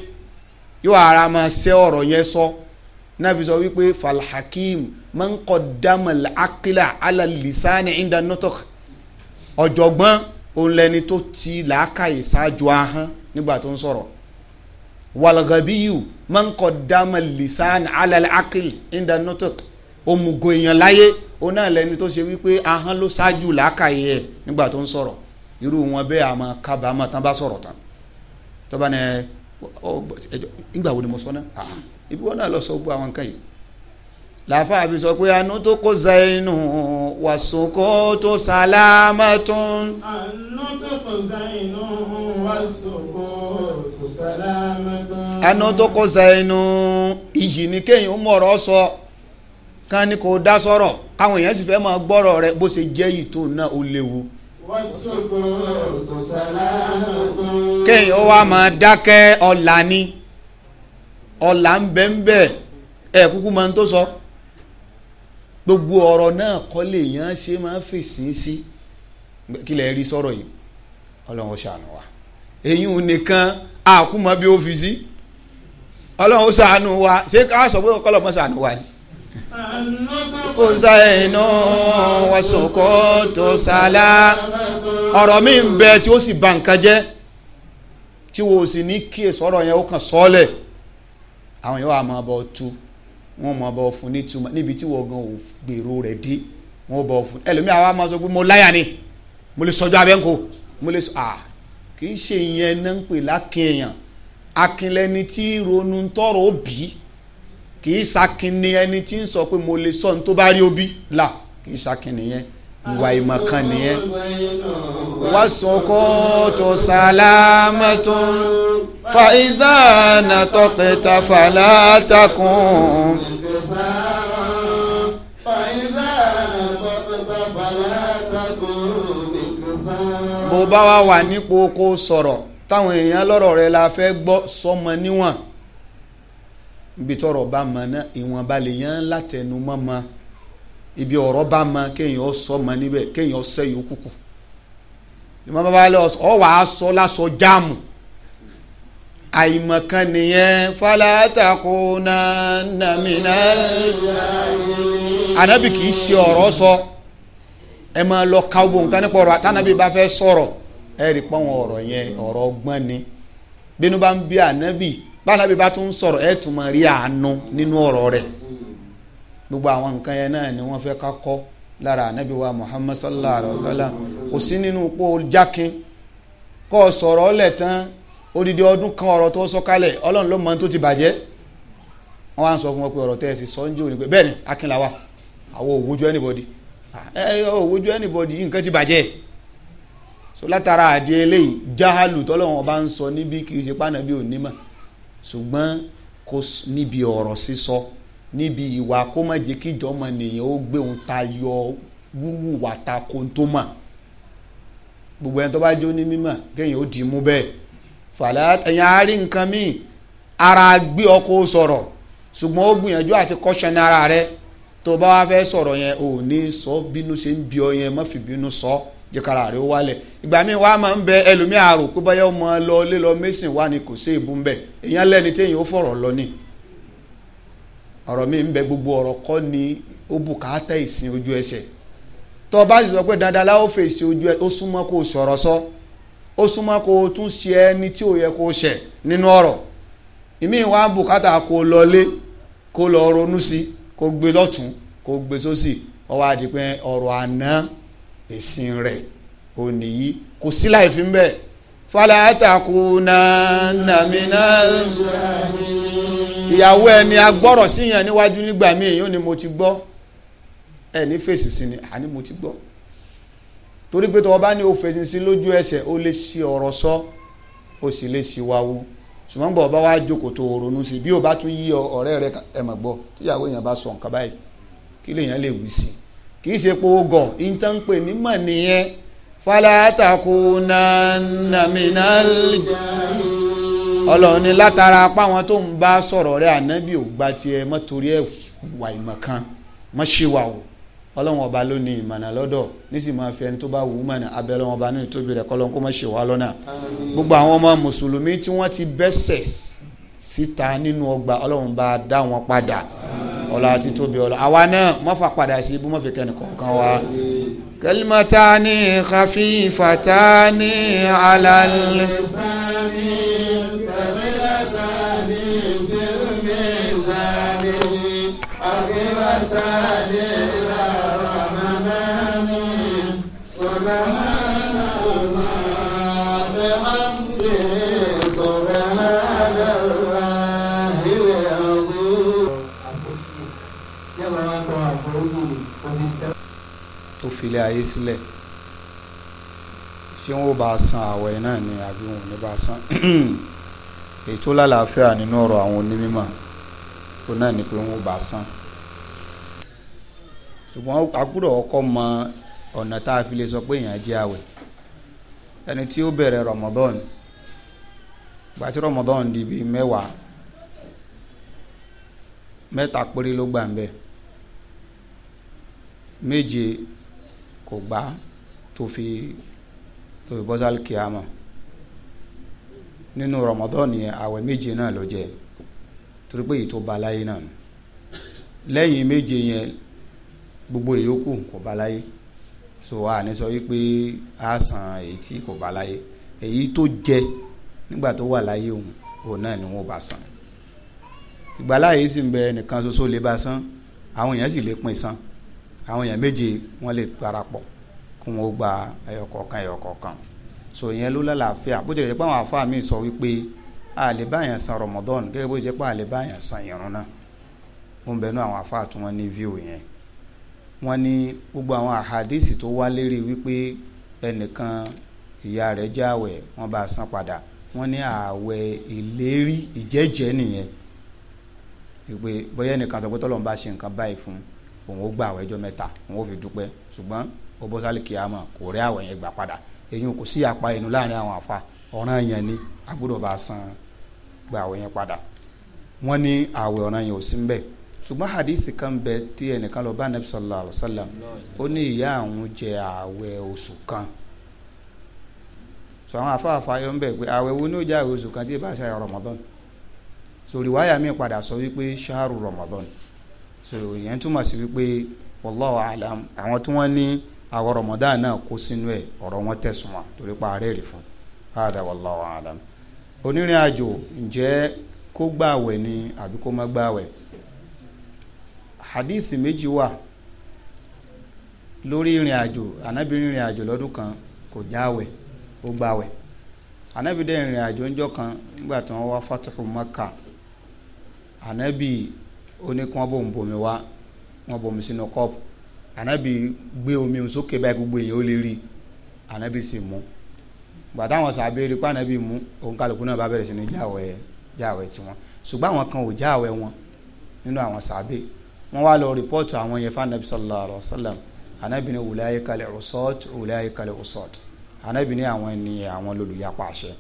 yóò ara máa ṣe ọ̀rọ̀ yẹn sọ náà fi sọ wípé falhakim man qaddama al-aqla ala lisani inda nutuk ọ̀jọ̀gbọ́n òun lẹni tó ti làákàyè ṣáájú ahọ́n nígbà tó ń sọ̀rọ̀ walgabiyu man qaddama lisan ala akil aql inda nutq òmùgọ̀ èèyàn láyé òun náà lẹni tó ṣe wípé ahọ́n ló ṣáájú làákàyè ẹ̀ nígbà tó ń sọ̀rọ̀ irú wọn bẹ́ẹ̀ àmọ́ kábàámọ̀ tán bá sọ̀rọ̀ tán tọ́ba ni ẹjọ́ nígbà wo ni mo sọ náà ibi wọn náà lọ sọ gbogbo àwọn nǹkan yìí làáfà àbí sọ pé anú tó kó zainu wàsókó tó sàlámà tún. anú tó kó zainu wàsókó. ẹnu tó kó sẹ́yìn iyì ni sọ kan ni kò dá sọ̀rọ̀ káwọn èèyàn sì fẹ máa gbọrọ rẹ bó ṣe jẹ yìí tó náà ó léwu. kéèyàn ó wá máa dákẹ́ ni ọ̀la ń bẹ ń bẹ ẹ̀ kúkú máa ń sọ gbogbo ọ̀rọ̀ náà kọ́ lè yàn ṣe máa ń fèsì sí kí lè rí sọ̀rọ̀ yìí ọlọ́run àkúmọ̀ bí ó fi sí ọlọ́run ó sàánú wa ṣé ká sọ pé ọkọlọ́ mọ́ sàánú wa ni. kò sá iná wọ́sọ̀kọ́ tó sálá ọ̀rọ̀ mi ń bẹ tí ó sì bà nǹkan jẹ́ tí wo sì ní kí èso ọ̀rọ̀ yẹn ó kàn sọ́ọ̀lẹ̀ àwọn yóò wá máa bọ̀ tu wọ́n máa bọ̀ fún nítumọ̀ níbi tí wọ́n gan ò gbèrò rẹ̀ dé wọ́n bọ̀ fún ẹlòmíà wa máa sọ pé mo láyà ni mo lè sọjọ́ abẹ́ńkò mo lè sọ ah kì í ṣe ìyẹn náà ń pè lákin èèyàn akin lẹni tí ronú tọrọ òbí kì í sakin ni ẹni tí ń sọ pé mo lè sọ ní tó bá rí òbí là kì í sakin nìyẹn ìwà ìmọ̀kan nìyẹn. wá sọkọ́ tó sálámà tó fa ìdáná tọkẹta fàlà takùn. bó bá wà wà nípò kó sọ̀rọ̀ táwọn èèyàn lọ́rọ̀ rẹ la fẹ́ gbọ́ sọmọ níwọ̀n ibi tọ́rọ̀ bá mọ náà ìwọ̀nba lè yàn látẹnumọ́ mọ ibi ọ̀rọ̀ bá mọ kéèyàn sọmọ níbẹ̀ kéèyàn sẹ́yìn kúkú ìmọ̀ bàbá lọ ọ wàá sọ lásọ jáàmù àìmọ̀kan nìyẹn kò náà nàmínà ànábì kì í ṣe ọ̀rọ̀ sọ. So ẹ máa lọ ka gbogbo nǹkan nípa ọ̀rọ̀ àtànàbí bá fẹ sọ̀rọ̀ ẹ rí pọ́n ọ̀rọ̀ yẹn ọ̀rọ̀ ọgbọ́n ni bínú bá ń bí ànábì bánábì bá tún ń sọ̀rọ̀ ẹ tún máa rí àánú nínú ọ̀rọ̀ gbogbo àwọn lára ànábì wa Muhammad sallallahu alayhi wa sallam kò sí nínú jákin kọ́ sọ̀rọ̀ ọ̀lẹ̀ tán odidi ọdún kan ọ̀rọ̀ tó ọlọ́run ló sọ ẹ ò anybody nǹkan ti bàjẹ́ so látara eléyìí jahalu tọ́lọ́wọ́n bá ń sọ níbi kì í ṣe pànàbí ò nímọ̀ ṣùgbọ́n kò níbi ọ̀rọ̀ sísọ níbi ìwà kó má jẹ́ kí nìyẹn ó gbé tayọ wúwú wà ta kó gbogbo ẹni tó bá jó ní mímọ̀ kéèyàn ó dì í mú bẹ́ẹ̀ fàlẹ́ ara gbé ọkọ̀ sọ̀rọ̀ ṣùgbọ́n ó gbìyànjú àti kọ́ṣẹ́ ní ara rẹ̀ tó bá wá fẹ́ sọ̀rọ̀ yẹn ò ní sọ bínú ṣe ń bí ọ yẹn má fi bínú sọ jẹkara rẹ ó wálẹ̀ ìgbà míì wàá máa ń bẹ ẹlòmíà rò pé báyọ̀ ọmọ lọ lé lọ mẹ́sìn wà ní kò sí ìbú ń èèyàn lọ ni ọ̀rọ̀ mi ń bẹ gbogbo ọ̀rọ̀ kọ́ ni ó bùkátà ìsìn ojú ẹsẹ̀ tó o bá sì sọ pé dandan láwọ́ fèsì ojú ẹ ó súnmọ́ kó o sọ̀rọ̀ sọ ó súnmọ́ o tún ṣe o ṣẹ̀ nínú ọ̀rọ̀ ìmíì wàá bùkátà kó o lọ lé kó i kó gbé lọ́tún kó gbé sósì ó wá di pé ọ̀rọ̀ àná ẹ̀sìn rẹ̀ ò nìyí kò sí láì fi ń bẹ̀ falatakuna namina ìyàwó ẹni agbọ́rọ̀ síyàn níwájú nígbà míì yóò ní mo ti gbọ́ ẹ ní fèsì sí ni àní mo ti gbọ́ torí pé tọ́wọ́ bá ní o fèsì sí lójú ẹsẹ̀ o lè ṣi ọ̀rọ̀ sọ o sì lè ṣi wa ṣùgbọ́n bọ̀ ọba wa jókòó tó ronú sí bí o bá tún yí ọ̀rẹ́ rẹ ẹ mọ̀ gbọ́ tíyàwó èèyàn bá sọ nǹkan báyìí kí lèèyàn lè wí sí kì í ṣe pé ó gọ̀ ìtàn pè mí mọ̀ nìyẹn falatakunanaminal ọlọ́run ni látara páwọn tó ń bá sọ̀rọ̀ rẹ ànábì ò gba tiẹ̀ mọ́ torí ẹ̀ wà ìmọ̀ kan mọ́ ọlọ́run ọba ló ní ìmọ̀nà lọ́dọ̀ nísì máa fi ẹni tó bá wù ú mọ̀nà abẹ́lẹ́ ọba ní ìtóbi rẹ̀ kọ́lọ́n kó má ṣe wá lọ́nà gbogbo àwọn ọmọ mùsùlùmí tí wọ́n ti bẹ́sẹ̀ síta nínú ọgbà ọlọ́run bá dá wọn padà ọlá àti tóbi ọlá àwa náà má fà padà sí ibú má fi kẹ́ni kọ̀ọ̀kan wa. kalimatani khafifatani alal lisani. filé ayé sílẹ̀ ṣé wọn ò bá san àwẹ̀ náà ni àbí wọn ò ní bá san (clears throat) èyí tó lálàáfíà nínú ọ̀rọ̀ àwọn onímọ̀ tó náà ni pé wọn ò bá san ṣùgbọ́n àkúrò ọkọ̀ mọ ọ̀nà tá a fi lè sọ pé èèyàn jẹ́ àwẹ̀ ẹni tí ó bẹ̀rẹ̀ Ramadan gbàtí Ramadan di bíi mẹ́wàá mẹ́ta péré ló gbà ń bẹ́ẹ̀ méje kò gbà tó fi tó fi bọ́sálì kìámà nínú rọmọdọ́ọ̀nì àwẹ̀ méje náà ló jẹ torí pé èyí tó ba láyé náà nù lẹ́yìn méje yẹn gbogbo ìyókù kò ba láyé so a ní sọ wípé a san èyí tí kò ba láyé èyí tó jẹ nígbà tó wà láyé òun òun náà ni wọn bá san ìgbàláyé sì ń bẹ nìkan ṣoṣo lè bá san àwọn èèyàn sì lè pín san àwọn èèyàn méje wọ́n lè parapọ̀ kí wọ́n gba ẹyọkọ̀ọ̀kan ẹyọkọ̀ọ̀kan so ìyẹn ló lálàáfíà bó tilẹ̀ jẹ́ pé àwọn àfáà mi sọ wípé àlèbáyàn san Ramadan gẹ́gẹ́ bó jẹ́ pé àlèbáyàn san ìrun náà wọ́n bẹ̀rù àwọn àfáà tí wọ́n ní view yẹn wọ́n ní gbogbo àwọn àhàdísì tó wá lérí wípé ẹnìkan ìyá rẹ̀ jáwẹ̀ wọ́n bá san padà wọ́n ní ààwẹ̀ ìlérí ìjẹ́jẹ́ nìyẹn wípé bóyá ẹnìkan sọ pé tọ́lọ́run ṣe nǹkan báyìí fún un òun ó gba àwẹ̀ ọjọ́ mẹ́ta òun ó fi dúpẹ́ ṣùgbọ́n ó bọ́ sálì kíámọ̀ kò rí àwẹ̀ yẹn gbà padà èyí kò sí apá inú láàrin àwọn àfa ọ̀ràn yẹn ni a bá san gba àwẹ̀ yẹn padà wọ́n ní àwẹ̀ ọ̀ràn yẹn ò sí mbẹ̀ ṣùgbọ́n hadithi kan bẹ tí ẹnìkan lọ bá anabi sallallahu alayhi wa sallam ó ní ìyá àwọn jẹ àwẹ̀ oṣù kan sọ àwọn afáàfáà yọ ń pé àwẹ̀ wo ni ó jẹ àwẹ̀ oṣù kan tí ì bá ṣe Ramadan sórí wáyà mi padà sọ wípé ṣáàrù Ramadan so ìyẹn túmọ̀ sí wípé wallahu alam àwọn tí wọ́n ní àwọn rọmọdán náà kó sínú ẹ̀ ọ̀rọ̀ wọn tẹ̀sùn wọn torí pa àárẹ̀ rẹ̀ fún hada wallahu alam onírìn àjò ǹjẹ́ kó gbààwẹ̀ ni àbí kó má hadith méjì wà lórí ìrìn àjò ànábì ìrìn àjò lọ́dún kan kò jáwẹ̀ ó gbàwẹ̀ ànábì dẹ̀ ìrìn àjò ńjọ́ kan nígbà tí wọ́n wá fatahu ó ní kí wọ́n bò ń bomi wá wọ́n bomi sínú kọ́ọ̀pù ànábì gbé omi òun sókè báyìí gbogbo èèyàn ó lè rí ànábì sì mú gbàtà àwọn sàbẹ̀ rí pé ànábì mú òun kálukú náà bá bẹ̀rẹ̀ sí ní jáwẹ̀ jáwẹ̀ tiwọn ṣùgbọ́n àwọn kan ò jáwẹ̀ wọn nínú àwọn sàbẹ̀ wọ́n wá lọ rìpọ́ọ̀tù àwọn yẹn fún ànábì sallallahu ànábì ní wùláyé kalẹ̀ ọ̀sọ́ọ̀tù wùláyé kalẹ̀ ọ̀sọ́ọ̀tù ànábì ní àwọn ẹni àwọn lolùyapa àṣẹ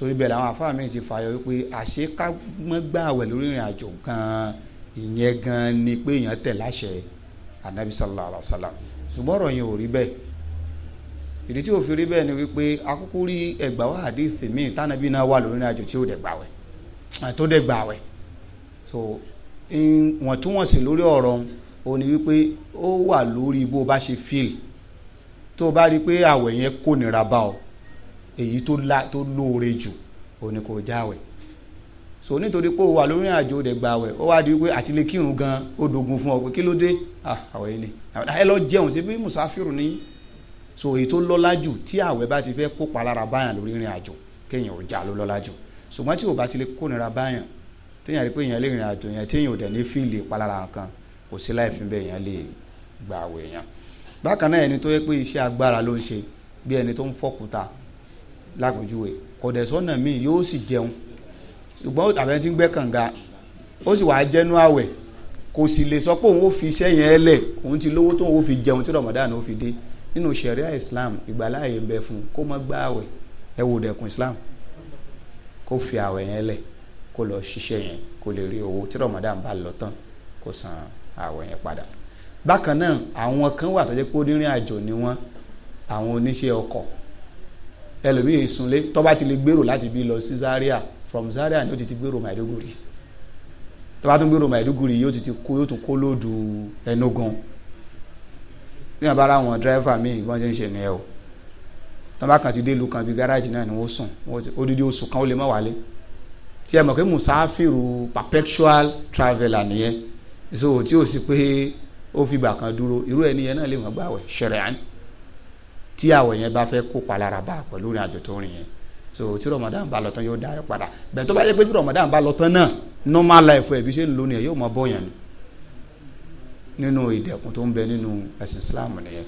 so ibẹ̀ làwọn àfáà mi ti fàyọ wípé àṣé ká mọ́ gbààwẹ̀ lórí ìrìn àjò gan-an ìyẹn gan ni pé èèyàn tẹ̀ láṣẹ anabi sallallahu alayhi wa sallam ṣùgbọ́n ọ̀rọ̀ yẹn ò rí bẹ́ẹ̀ ìdí tí ò rí bẹ́ẹ̀ ni wípé akúkú rí ẹgbà wá hadith míì tánàbí náà wà lórí ìrìn àjò tí ò dẹ̀ gbààwẹ̀ tó dẹ̀ gbààwẹ̀ so ìwọ̀ntúnwọ̀nsì lórí ọ̀rọ̀ òun ni wípé ó wà lórí bó o bá ṣe fíìl tó o bá rí pé àwẹ̀ yẹn kò nira bá ọ èyí tó lóore jù ó ní kó jáwẹ̀ so nítorí pé ó wà lórí àjò rẹ̀ gbàwẹ̀ ó wá di wípé àti lè kírun gan ó dogun fún ọ pé kí ló dé ah, àwẹ̀ ilé ẹ lọ jẹun ṣe bí musafiru ní so èyí tó lọ́lá jù tí àwẹ̀ bá ti fẹ́ kópa lára báyàn lórí ìrìn àjò kéèyàn ò já ló lọ́lá jù ṣùgbọ́n tí ò bá ti lè kónira báyàn téèyàn rí pé èèyàn lè rìn àjò yẹn téèyàn ò dẹ̀ ní fíìlì ìpalára kan kò sí láì fi bẹ́ẹ̀ èèyàn lè gbàwẹ̀ yẹn bákan náà ẹni tó yẹ pé iṣẹ́ agbára ló ń lápèjúwe kọ̀dẹ̀ sọ́nà míì yóò sì jẹun ṣùgbọ́n tàbí ti ń gbẹ́ kànga ó sì wàá jẹ́nu àwẹ̀ kò sì lè sọ pé òun ó fi iṣẹ́ yẹn lẹ̀ òun ti lówó tóun ó fi jẹun tí Ramadan ó fi dé nínú sẹ̀ríà Islam ìgbàláàyè ń bẹ fún kó má gba àwẹ̀ ẹ wò dẹ̀kun Islam kó fi àwẹ̀ yẹn lẹ̀ kó lọ ṣiṣẹ́ yẹn kó lè rí owó tí Ramadan bá lọ tán kó san àwẹ̀ yẹn padà bákan náà àwọn kan wà tó jẹ́ pé onírìn àjò ni wọ́n àwọn oníṣẹ́ ọkọ̀ ẹlòmíì ìsúnlé tó bá ti lè gbèrò láti bí lọ sí Zaria from Zaria ni ó ti ti gbèrò Maiduguri tó gbèrò Maiduguri yóò ti ti kó yóò tún kó lóòdù ẹnugan bí wọn bá ra dírẹ́fà míì bí wọn ń ṣe nìyẹn o tó bá ti dé ìlú kan bí gáràjì náà ni wọ́n sùn odidi oṣù kan ó lè má wálé tí ẹ mọ̀ pé musafiru perpetual traveller nìyẹn so tí o sì pé ó fi ìgbà dúró irú ẹni yẹn náà lè má gbààwẹ̀ ṣẹ̀rẹ̀ àná tí àwọ̀ yẹn bá fẹ́ kópa lára bá pẹ̀lú ìrìn àjò tó rìn yẹn so tí Ramadan bá lọ tán yóò dá ẹ padà bẹ́ẹ̀ tó bá yẹ pé bí Ramadan bá lọ tán náà normal life ẹ̀ bí ṣe ń lò nìyẹn yóò mọ bọ́yàn ni nínú ìdẹ̀kùn tó ń bẹ nínú ẹ̀sìn Islam nìyẹn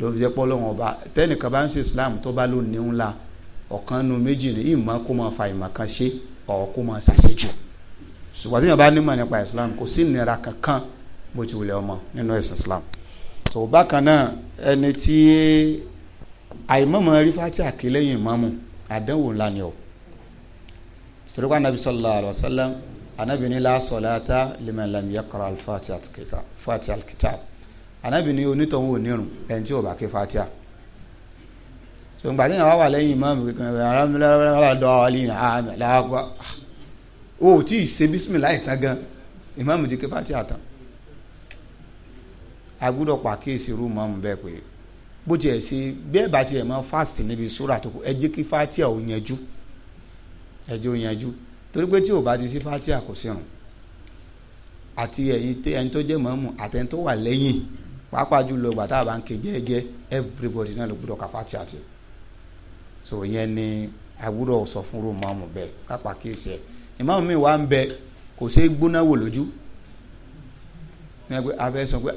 ló fi jẹ́ pọ́ lọ́wọ́n ọba tẹ́nìkan bá ń ṣe Islam tó bá lò níhùn la ọ̀kan nu méjì ni ìmọ̀ kó máa fa ìmọ̀ kan ṣe ọ̀ kó máa ṣàṣejù ṣùgbọ́n tí yẹn bá nímọ̀ nípa Islam kò sí ìnira kankan bó ti wulẹ̀ ọmọ nínú ẹ̀sìn Islam so bákan náà ẹni tí àìmọ̀mọ̀ rí fati àkélẹ́yìn ìmáàmù àdánwò ńlá ni o torípa anabi sallallahu alayhi wa sallam anabi ní la salata liman lam yaqra al-fatiha al-kitab anabi ní onítọ̀hún onírun ẹni tí ò bá ké fatiha so ń gbàdé náà wà lẹ́yìn ìmáàmù kankan aláàdọ́ọ̀lì àmàlàgbà o tí ì ṣe bísímìlá ìtàn gan ìmáàmù di ké fatiha tán a gbúdọ̀ pàkíyèsí irú ìmáàmù bẹ́ẹ̀ pé bó tiẹ̀ ṣe bẹ́ẹ̀ bá tiẹ̀ mọ́ fast níbi sóra tó kù ẹ jẹ́ kí fatia ò yanjú ẹ jẹ́ ò yanjú torí pé tí ò bá ti sí fatia kò sírun àti ẹ̀yin tẹ ẹni tó jẹ́ mọ́mù àtẹni tó wà lẹ́yìn pàápàá jùlọ gbàtà bá ń ké jẹ́ẹ́jẹ́ everybody náà ló gbọ́dọ̀ ka fatia ti so ìyẹn ni àwúrò sọ fún rò mọ́mù bẹ́ẹ̀ kápá kéèsì ẹ̀ ìmọ̀mù mi wà ń bẹ kò sí gbóná wò lójú ní ẹgbẹ́ afẹ́ sọ pé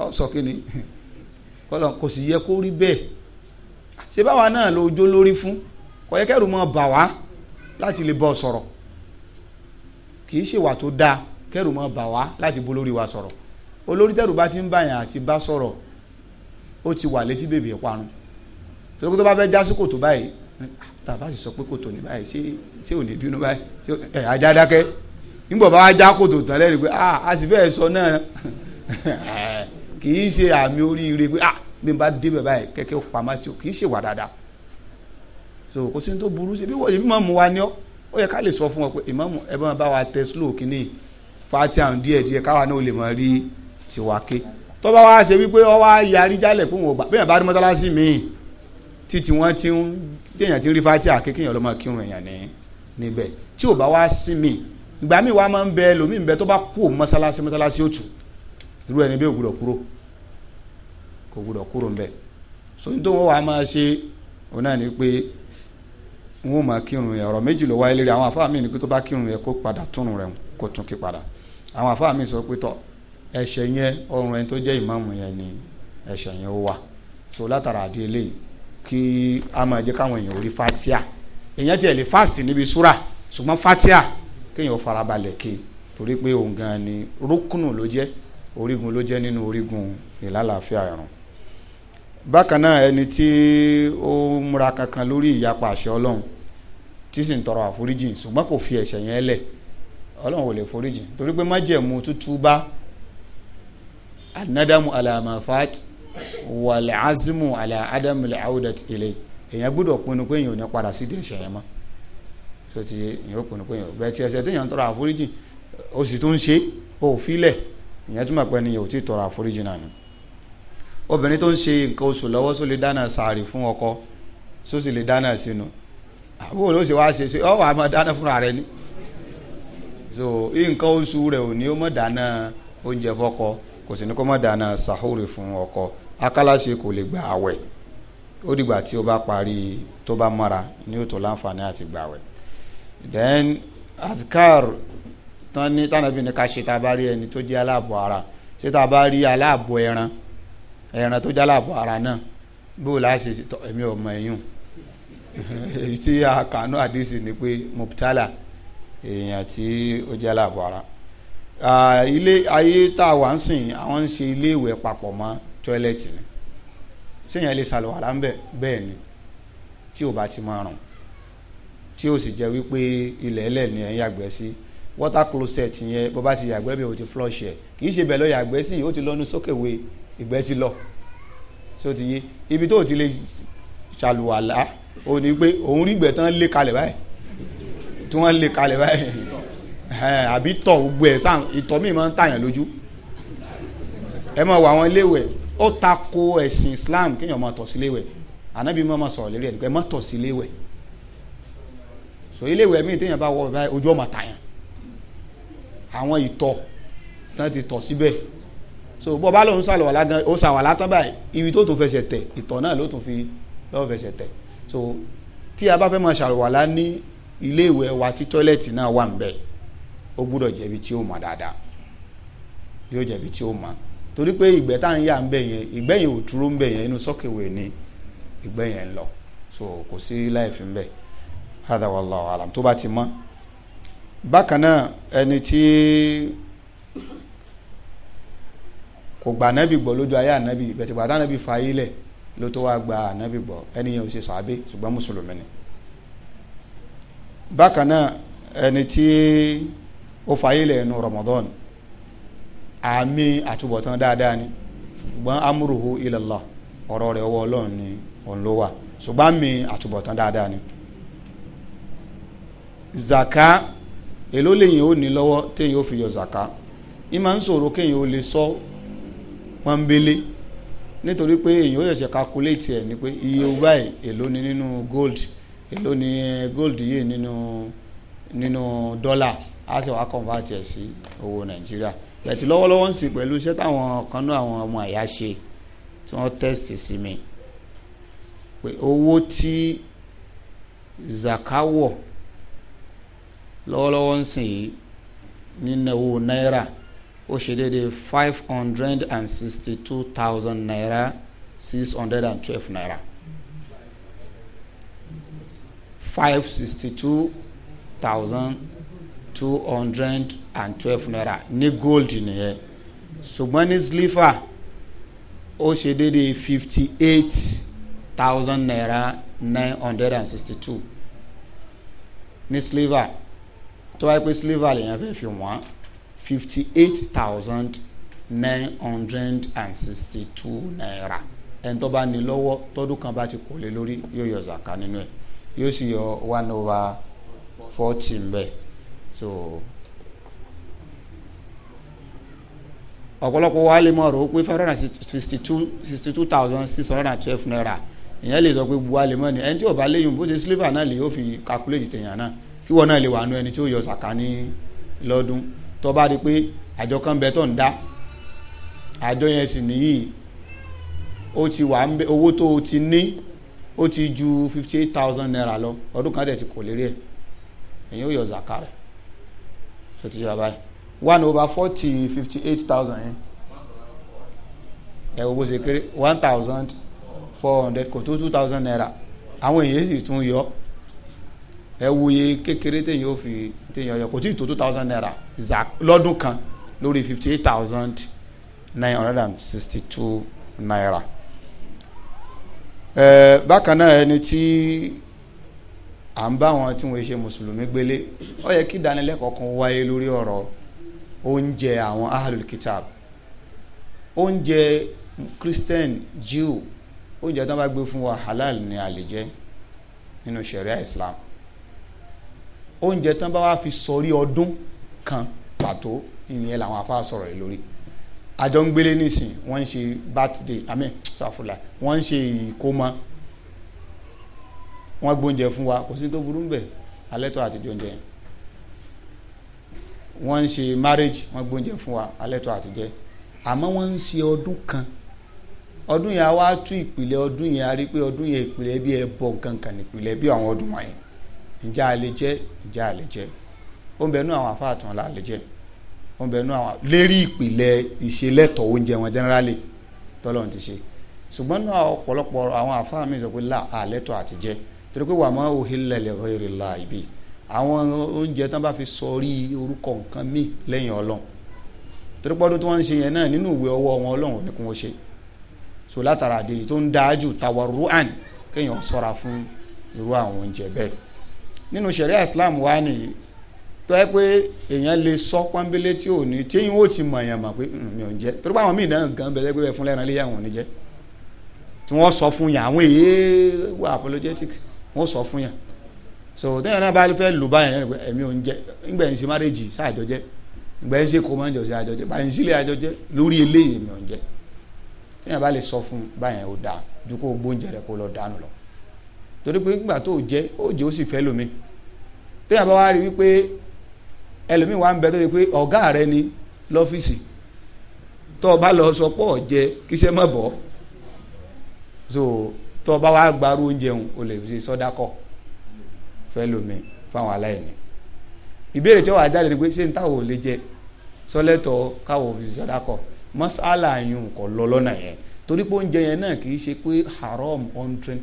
ọ (laughs) sọ kí ni. (laughs) kọ́lọ̀ kò sì yẹ kó rí bẹ́ẹ̀ ṣé báwa náà lo ojó lórí fún kò yẹ kẹ́rù mọ́ bà wá láti lè bọ́ sọ̀rọ̀ kì í ṣèwà tó dáa kẹ́rù mọ́ bà wá láti bọ́ lórí wa sọ̀rọ̀ olórí tẹ́rù bá ti ń bàyàn àti bá sọ̀rọ̀ ó ti wà létí bèbè parun torí tó bá fẹ́ já sí kòtò báyìí tàbá sì sọ pé kòtò ní báyìí ṣé ṣé ò ní bínú báyìí ẹ̀ ajá dákẹ́ nígbà bá wá já kòtò tán lẹ́rìí pé ah, a sì fẹ́ sọ náà (laughs) kì í ṣe àmì oríire pé ah bí n bá dé bẹ̀ báyìí kẹ̀kẹ́ ó pamọ́ tí o kì í ṣe wà dáadáa so kò sí ní tó burú ṣe bí wọ́n ṣe bí mọ̀mú wa ní ọ́ ó yẹ ká lè sọ fún ọ pé ìmọ̀mú ẹ bá bá wa tẹ slow kínní fatia díẹ̀ díẹ̀ káwa náà lè mọ̀ rí tiwa ké tó bá wa ṣe wípé ọ wá yarí jálẹ̀ fún wọn gbà bí yàrá mọ́tálásí míì títí wọ́n ti ń téèyàn ti ń rí fatia kékeré ọlọ́mọ kírun èèyàn ní níbẹ̀ tí ò bá wa sí mi ìgbà míì wa máa ń bẹ lómi ń bẹ tó bá kú mọ́tálásí mọ́tálásí ó irú ẹni bí ògbúdọ̀ kúrò kò gbúdọ̀ kúrò ń bẹ̀ so ní tó wọ́n wàá máa ṣe òun náà ni pé n ó máa kírun yẹn ọ̀rọ̀ méjì ló wáyé lérí àwọn àfáà míì ní pé tó bá kírun yẹn kó padà túnrun rẹ̀ kó tún kí padà àwọn àfáà sọ pé tọ̀ ẹ̀ṣẹ̀ yẹn ọrùn ẹni tó jẹ́ ìmáàmù yẹn ni ẹ̀ṣẹ̀ yẹn ó wà so látara àdé eléyìí kí a máa jẹ́ káwọn èèyàn orí fatia èèyàn tiẹ̀ lè fast níbi súrà ṣùgbọ́n fatia kéèyàn farabalẹ̀ ké torí pé òun gan ni rúkùnù ló jẹ́ orígun ló jẹ́ nínú orígun ìlàlàáfíà ẹ̀rùn bákan náà ẹni tí ó múra kankan lórí ìyapa àṣẹ ọlọ́run tí sì ń tọrọ àforíjì ṣùgbọ́n kò fi ẹ̀ṣẹ̀ yẹn lẹ̀ ọlọ́run ò lè foríjì torí pé májẹ̀mú tútú bá anadamu alamafat wàlẹ̀ azimu alẹ́ adamu alẹ́ awudat ilẹ̀ èèyàn gbọ́dọ̀ pinnu pé èèyàn ò ní padà sí ẹ̀ṣẹ̀ yẹn mọ́ so ti èèyàn ó pinnu pé èèyàn ò bẹ́ẹ̀ tí ẹ̀ṣẹ̀ tí tọrọ àforíjì ó sì tún ṣe ó fi lẹ̀ ìyẹn túmọ̀ pé ni yóò ti tọrọ àforíjì náà ni obìnrin tó ń ṣe nǹkan oṣù lọ́wọ́ só dáná sàárì fún ọkọ só lè dáná sínú àbúrò ló ṣe wá ṣe ṣe ọ wà máa dáná fúnra rẹ ni so nǹkan oṣù rẹ ò ní ó mọ̀ dáná oúnjẹ fọkọ kò sì ní kó mọ̀ dáná sàhóòrè fún ọkọ akálàṣe kò lè gbà àwẹ̀ ó dìgbà tí o bá parí tó bá mọ́ra ní òtò láǹfààní àti gbàwẹ̀ then adkar tán ní tànàbí ni ká ṣe tá a bá rí ẹni tó jẹ́ aláàbọ̀ ara ṣé tá a bá rí aláàbọ̀ ẹran ẹran tó jẹ́ aláàbọ̀ ara náà bó la ṣe ṣe ẹ̀mí ọmọ ẹ̀yún (laughs) èyí tí a kànú àdìsí ni pé mubtala èèyàn tí ó jẹ́ aláàbọ̀ ara ilé ayé tá a wà ń sìn àwọn ń ṣe ilé ìwẹ̀ papọ̀ mọ́ tọ́ẹ̀lẹ̀tì ni ṣéyàn lè ṣàlùwàlá ń bẹ́ẹ̀ ni tí ò bá ti máa rùn tí ó sì jẹ́ wípé ilẹ̀ ẹlẹ́ni ẹ̀ sí. Si water closet yẹn bó bá ti yàgbẹ́ bí o ti flush ẹ̀ kì í ṣe bẹ́ẹ̀ lọ yàgbẹ́ sí i ó ti lọ́nu sókèwé ìgbẹ́ ti lọ so ti yé ibi tó ti lè ṣàlùwàlá ó ní pé òun rí ìgbẹ́ tán lé kalẹ̀ báyìí tí wọ́n lé kalẹ̀ báyìí àbí tọ̀ gbogbo ẹ̀ sáà ìtọ̀ míì máa ń tàyàn lójú ẹ máa wà àwọn iléèwẹ̀ ó tako ẹ̀sìn Islam kéèyàn máa tọ̀ sí iléèwẹ̀ ànábì máa máa sọ̀rọ̀ lérí ẹ̀ nípa ẹ má tọ̀ sí iléèwẹ̀ so iléèwẹ̀ míì téèyàn bá wọ báyìí ojú ọmọ tàyàn àwọn ìtọ̀ tán ti tọ̀ síbẹ̀ so bó bá lòun ṣàlùwàlá gan ó ṣàwàlá tán báyìí ibi tó tún fẹsẹ̀ tẹ̀ ìtọ̀ náà ló tún fi lọ́wọ́ fẹsẹ̀ tẹ̀ so tí a bá fẹ́ máa ṣàlùwàlá ní ilé ìwẹ̀ wa tí tọ́lẹ̀tì náà wà ń bẹ̀ ó gbúdọ̀ jẹ́bi tí ó mọ̀ dáadáa yóò jẹ́bi tí ó mọ̀ torí pé ìgbẹ́ tá à ń yà ń bẹ̀ yẹn ìgbẹ́ yẹn ò dúró ń bẹ̀ yẹn inú sọ́kèwé ni ìgbẹ́ yẹn ń lọ so kò sí láì fi ń bẹ̀ hádà wallahu alam tó bá ti mọ́ bákan náà ẹni tí kò gba ànábì gbọ́ lójú ayé ànábì bẹ̀tẹ̀gbà ànábì fa ayé lẹ̀ ló tó wá gba ànábì gbọ́ ẹni yẹn ò ṣe sàábé ṣùgbọ́n mùsùlùmí ni bákan náà ẹni tí ó fa ayé lẹ̀ nu Ramadan àmì àtúbọ̀tán dáadáa ni ṣùgbọ́n amúròhó ilallah ọ̀rọ̀ rẹ̀ ọwọ́ ọlọ́run ni òun ló wà ṣùgbọ́n àmì àtúbọ̀tán dáadáa ni zaka èló lèyìn ó ní lọ́wọ́ téyìn ó fi yọ zaka ìmọ̀ ń ṣòro kéyìn ó lè sọ pọ́nbélé nítorí pé èyàn ó ṣẹ̀ṣẹ̀ calculate ẹ̀ ni pé iye báyìí èló ni nínú gold èló ni gold yìí nínú nínú dọ́là á sì wá convert ẹ̀ sí owó nàìjíríà bẹ̀tì lọ́wọ́lọ́wọ́ ń sìn pẹ̀lú iṣẹ́ táwọn kan náà àwọn ọmọ àyà ṣe tí wọ́n test sí mi pé owó tí zakawọ̀ lọ́wọ́lọ́wọ́ ń sìn yìí nínáwó náírà ó ṣe déédéé five hundred and sixty two thousand naira six hundred and twelve naira five sixty two thousand two hundred and twelve naira ní gold nìyẹn ṣùgbọ́n ní sliver ó ṣe déédéé fifty eight thousand naira nine hundred and sixty two ní sliver tó wáyé pé silver lèèyàn fẹ́ fi wọ́n fifty eight thousand nine hundred and sixty two naira ẹni tó bá ní lọ́wọ́ tọ́dún kan bá ti kò lé lórí yóò yọ zaka nínú ẹ̀ yóò sì yọ one over forty mbẹ́ so ọ̀pọ̀lọpọ̀ wa lè mọ̀ rò ó pé five hundred and sixty two sixty two thousand six hundred and twelve naira ìyẹn lè sọ pé buwa lè mọ̀ ni ẹni tí ò bá léyìn bó ṣe silver náà lè yóò fi calculate tèèyàn náà ìwọ náà lè wà nú ẹni tí ó yọ sàkà ní lọ́dún tó bá rí pé àjọ kan bẹ tó ń dá àjọ yẹn sì nìyí ó ti wà ń bẹ owó tó o ti ní ó ti ju fifty eight thousand naira lọ ọdún kan dẹ̀ ti kò lérí ẹ̀ èyí ó yọ sàkà rẹ̀ tó ti yọ báyìí one over forty fifty eight thousand yẹn ẹ̀ owó ṣe kéré one thousand four hundred kò tó two thousand naira àwọn èyí sì tún yọ ẹ wuye kékeré téèyàn yóò fi téèyàn yọ kò tí tó two thousand naira zak lọ́dún kan lórí fifty eight thousand nine hundred and sixty two naira. ẹ bákan náà ẹni tí à ń bá wọn tí wọn ṣe mùsùlùmí gbélé ó yẹ kí ìdánilẹ́kọ̀ọ́ kan wáyé lórí ọ̀rọ̀ oúnjẹ àwọn ahlul kitab oúnjẹ christian jew oúnjẹ tó bá gbé fún wa halal ni a lè nínú sharia islam oúnjẹ tán bá wá fi sọrí ọdún kan pàtó ìyẹn làwọn afá sọ̀rọ̀ yìí lórí àjọ ń gbélé nísìn wọ́n ń ṣe birthday àmì sàfùlà wọ́n ń ṣe ìkómọ wọ́n gbóúnjẹ fún wa kò sí tó burú bẹ̀ alẹ́ tó àtijọ́ oúnjẹ yẹn wọ́n ń ṣe marriage wọ́n gbóúnjẹ fún wa alẹ́ tó àtijọ́ àmọ́ wọ́n ń ṣe ọdún kan ọdún yẹn a wá tún ìpìlẹ̀ ọdún yẹn a rí pé ọdún yẹn ìpìlẹ̀ bí ẹ bọ̀ gangan ìpìlẹ̀ bí àwọn ọdún wọ̀nyẹn ǹjẹ́ a lè jẹ́ ǹjẹ́ a lè jẹ́ ó ń bẹ nú àwọn afáàtàn ọ̀la a lè jẹ́ ó ń bẹ nú àwọn lérí ìpìlẹ̀ ìṣelẹ́tọ̀ oúnjẹ wọn generally tọ́lọ́ ti ṣe ṣùgbọ́n náà ọ̀pọ̀lọpọ̀ àwọn afáà mi sọ pé là àlẹ́tọ̀ àti jẹ́ torí pé wà má uhilla li ghayri llahi bi àwọn oúnjẹ tán bá fi sọrí orúkọ nǹkan míì lẹ́yìn ọlọ́run torí pọ́dún tí wọ́n ń ṣe yẹn náà nínú ìwé ọwọ́ wọn ọlọ́run ní kí wọ́n ṣe so látara àdéhìí tó ń dáájú tawaruan kéèyàn ṣọ́ra fún irú àwọn oúnjẹ bẹ́ẹ̀ nínú ṣẹ̀ríà Islam wà nìyí tó yẹ pé èèyàn lè sọ pọ́nbélé tí ò ní tí yín ti mọ̀ èèyàn mọ̀ pé hmm, mi ò ń jẹ́ torí báwọn míì náà gan bẹ̀rẹ̀ pé fún lẹ́ran léyà ò ní jẹ́ tí wọ́n sọ fún yàn àwọn èyí wà apologetic wọ́n sọ fún yàn so téèyàn náà bá fẹ́ lù báyàn yẹn èmi ò ń jẹ́ ńgbẹ̀ ń ṣe márèjì sáàjọ jẹ́ ńgbẹ̀ ń ṣe kọ́mọ́njọ sí àjọ jẹ́ báyìí ń sílẹ̀ àjọ lórí eléyìí mi ò ń jẹ́ téèyàn bá lè sọ fún báyàn ò dáa ju gbóúnjẹ rẹ kó lọ dànù lọ torí pé nígbà tó jẹ́ ó jẹ́ ó sì lómi téèyàn bá wá rí wípé ẹlòmíì wà ń bẹ tó yẹ pé rẹ ni lọ́fíìsì tó o bá lọ sọ pọ̀ jẹ kíṣẹ́ mọ̀ bọ́ so tó o bá wá oúnjẹ òun o lè fi sọ́dá lómi fáwọn aláìní ìbéèrè tí wàá jáde ni pé ṣé n táwọn ò lè jẹ sọlẹ́tọ̀ káwọn ò fi sọ́dá kọ̀ mọ́sálà yìí kò lọ lọ́nà yẹn torí pé oúnjẹ yẹn náà kì í ṣe pé haram hundred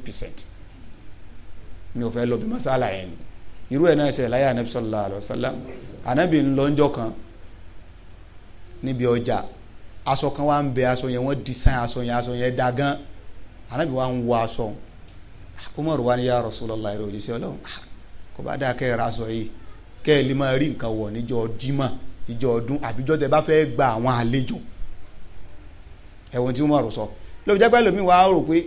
ni o fẹ́ lọ masala yẹn ni irú ẹ̀ náà ṣẹlẹ̀ láyé anabi sallallahu alayhi wa sallam anabi ń lọ ńjọ́ kan níbi ọjà aṣọ kan wà ń bẹ aṣọ yẹn wọ́n design aṣọ yẹn aṣọ yẹn da anabi wà ń wọ aṣọ Umaru wa ni ya Rasulullah ẹ̀rọ òjíṣẹ́ ọlọ́run ah, kò bá dáa kẹ́ ẹ ra aṣọ yìí kẹ́ ẹ lè máa rí nǹkan wọ̀ níjọ́ Jímọ̀ ìjọ ọdún àbíjọ́ tẹ bá fẹ́ gba àwọn àlejò ẹ̀wọ̀n tí Umaru sọ lóbi jẹ́ pẹ́ lómi rò pé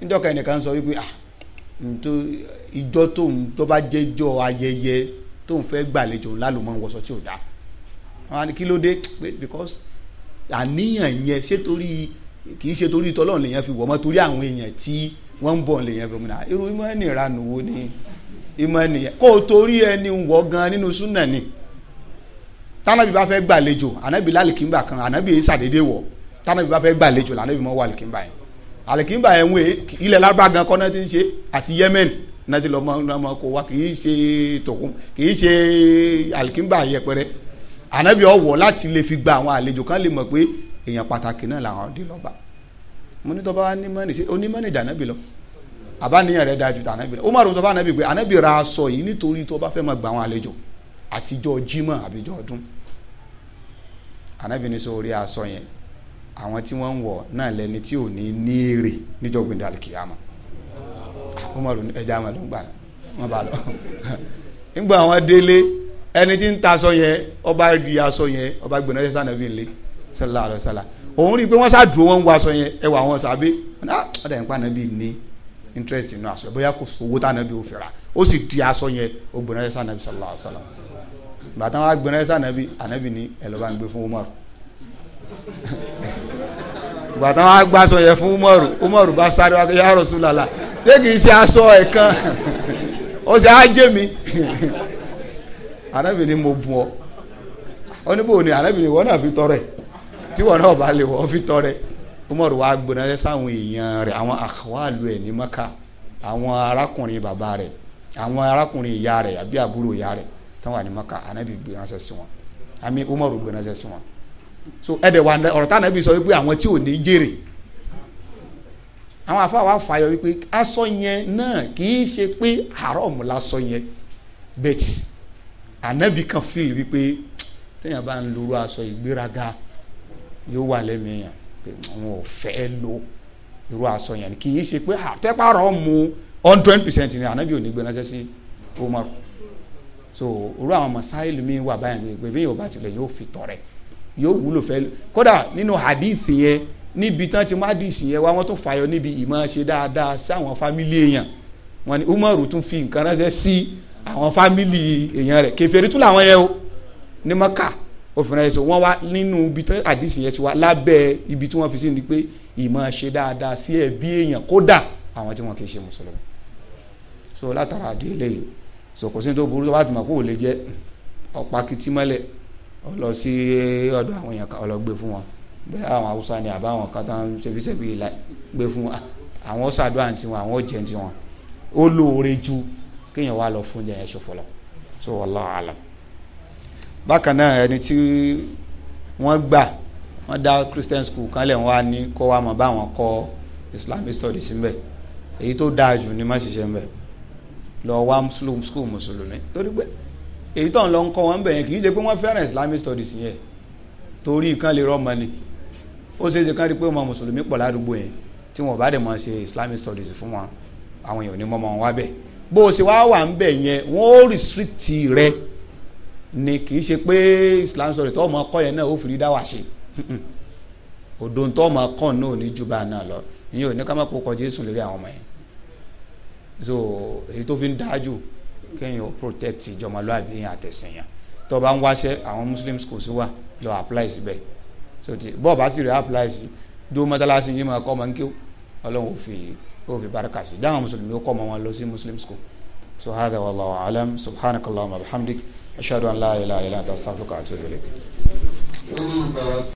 níjọ́ kan ẹnìkan sọ wípé ah ntó ìjọ tóun tó bá jẹjọ ayẹyẹ tóun fẹ́ gbàlejò ńlá ló máa ń wọṣọ tí ò dáa wọn á ní kí ló dé because àníyàn yẹn ṣé torí kì í ṣe torí tọ́lọ́run lèyàn fi wọ̀ mọ́ torí àwọn èèyàn tí wọ́n ń bọ̀ lèyàn fi mọ́ náà irú ìmọ̀ ẹni ìranù wo ni ìmọ̀ ẹni yẹn kó o torí ẹni wọ̀ gan nínú súnà ni tánàbí bá fẹ́ gbàlejò ànábì lálìkínbà kan ànábì ń ṣàdédé wọ̀ tánàbí bá fẹ́ gbàlejò lànábì mọ́ wà lìkínbà yẹn àlìkínbà ẹ̀ ń e. wé ilẹ̀ lágbá gan ti ń ṣe àti Yemen náà ti lọ mọ kó wa kì í ṣe tòkun kì í ṣe àlìkínbà yẹpẹrẹ ànábì ọwọ́ láti lè fi gba àwọn àlejò kan lè mọ̀ pé èèyàn pàtàkì náà làwọn dé lọ́ba mo ní tọ́ba onímọ̀nì ṣe onímọ̀nì jànábì lọ àbáníyàn rẹ̀ dájú tà ànábì lọ ó má ro tọ́ba ànábì pé ànábì ra aṣọ yìí nítorí tọ́ba fẹ́ mọ̀ gba àwọn àlejò àtijọ́ jímọ̀ àbíjọ́ ọdún ànábì ní sọ orí aṣọ yẹn àwọn tí wọ́n ń wọ̀ náà lẹni tí ò ní ní èrè níjọ́ gbìndé alikiyama Umaru ẹja wọn ló ń gbà wọn bá lọ (laughs) nígbà wọn délé ẹni tí ń ta aṣọ yẹn ọba rí aṣọ yẹn ọba gbẹ̀nà ṣẹ́ṣà nàbí ńlẹ̀ sallallahu alaihi wasallam òun rí i pé wọ́n ṣàdúró wọn ń wọ aṣọ yẹn ẹwà wọn sàbẹ̀ ah, ọ̀dà yẹn pa nàbí ní interest inú aṣọ bóyá kò sówó tànàbí ò fẹ́ra ó sì di aṣọ yẹn ó gbẹ̀nà ṣẹ́ṣà nàbí sallallahu alaihi wasallam gbàtà wọn gbẹ̀nà ṣẹ́ṣà nàbí ànàbí ní ẹ̀ ń gbé fún Umaru ìgbà táwọn agbáṣọ yẹn fún umaru umaru bá sáré wa ya Rasulullah ṣé kì í ṣe aṣọ ẹ̀ kan ó ṣe ajé mi arábìnrin mo bu ọ ó ní bò ní arábìnrin ìwọ náà fi tọrọ ẹ tí wọn náà bá lè wọ fi tọrọ ẹ umaru wa gbóná ẹ sáwọn èèyàn rẹ àwọn àkọwàlù ẹ ní maka àwọn arákùnrin bàbá rẹ àwọn arákùnrin ìyá rẹ àbí àbúrò ìyá rẹ táwọn ní maka anábì gbóná ṣe sí wọn àmì umaru gbóná ṣe sí wọn so ẹ̀dẹ̀ wà ọ̀rọ̀ táwọn ẹbí sọ wípé àwọn tí ò ní jèrè àwọn afáwa fàyọ wípé aṣọ yẹn náà kì í ṣe pé haram lásọ yẹn bet ànábì kan fíìl wípé téèyàn bá ń lorú aṣọ ìgbéraga yóò wà lẹ́mìíyàn pé àwọn ò fẹ́ lo irú aṣọ yẹn kì í ṣe pé àtẹ́pàrọ̀ ah, mu hundred percent ni ànábì ò ní gbé ránṣẹ́ sí Umar so irú àwọn masáìlì mi wà báyìí pé bí yóò bá tilẹ̀ yóò fi tọrẹ yóò wúlò fẹ́ kódà nínú hadith yẹn níbi tán ti mú hadith yẹn wá wọ́n tún fàyọ níbi ìmọ̀ ṣe dáadáa sí àwọn fámìlì èèyàn wọ́n ní umaru tún fi nǹkan ránṣẹ́ sí àwọn fámìlì èèyàn rẹ̀ kèfèrí tún làwọn yẹn o ní maka òfin ẹ̀sìn wọ́n wá nínú ibi tán hadith yẹn ti wá lábẹ́ ibi tí wọ́n fi sí ni pé ìmọ̀ ṣe dáadáa sí ẹbí èèyàn kódà àwọn tí wọn kì í ṣe mùsùlùmí so látara àdéhùn eléyìí so kò sí ní tó burú tó bá ti ó lọ sí ọ̀dọ̀ àwọn èèyàn kan ó lọ gbé fún wọn bẹ́ẹ̀ àwọn haúsá ni àbá àwọn kan tó ń ṣẹbíṣẹbí gbé fún àwọn ṣàdúrà ti wọn àwọn jẹun ti wọn ó lóore ju kéèyàn wá lọ fún yẹn ṣòfò lọ so wallahu alam bákan náà ẹni tí wọ́n gbà wọ́n dá christian school kan lẹ̀ wọ́n á ní kó wá mọ̀ báwọn kọ́ islamic studies ń bẹ̀ èyí tó dáa jù ni má ṣiṣẹ́ ń bẹ̀ lọ wá school mùsùlùmí torí pé èyí tó ń lọ ń kọ́ wọn bẹ̀yẹn kì í ṣe pé wọ́n fẹ́ràn islamic studies yẹn torí kan lè rọ́ọ̀mọ ni ó ṣe é ṣe kárí pé ọmọ mùsùlùmí pọ̀ ládùúgbò yẹn tí wọ́n bá dẹ̀ mọ̀ ṣe islamic studies fún wọn àwọn èèyàn ní mọ́mọ́ wọn wá bẹ̀ bó o ṣe wá wà ń bẹ̀ yẹn wọ́n ó restrict rẹ ni kì í ṣe pé islamic studies tó ọmọ kọ́ yẹn náà ó fi rí dá wà ṣe (laughs) òdo tó ọmọ kọ́ náà ní jù bá náà lọ ìyẹn ò ní ká má kó kọjú Jésù lórí àwọn ọmọ yẹn so èyí tó fi ń dájú kéèyàn ó protect ìjọmọlúwàbí yẹn àtẹ̀sìn yẹn tó o bá ń wáṣẹ́ àwọn muslim schools wà lọ apply síbẹ̀ so ti bọ́ọ̀ bá sì rẹ̀ apply sí dúró mọ́tálásí yìí máa kọ́ ọmọ nkíw ọlọ́run ò fi ò fi baraka sí dáhùn mùsùlùmí ó kọ́ ọmọ wọn lọ sí muslim school so hadha wallahu alam subhanakallahumma wa bihamdik ashhadu an la ilaha illa anta astaghfiruka wa atubu ilayk.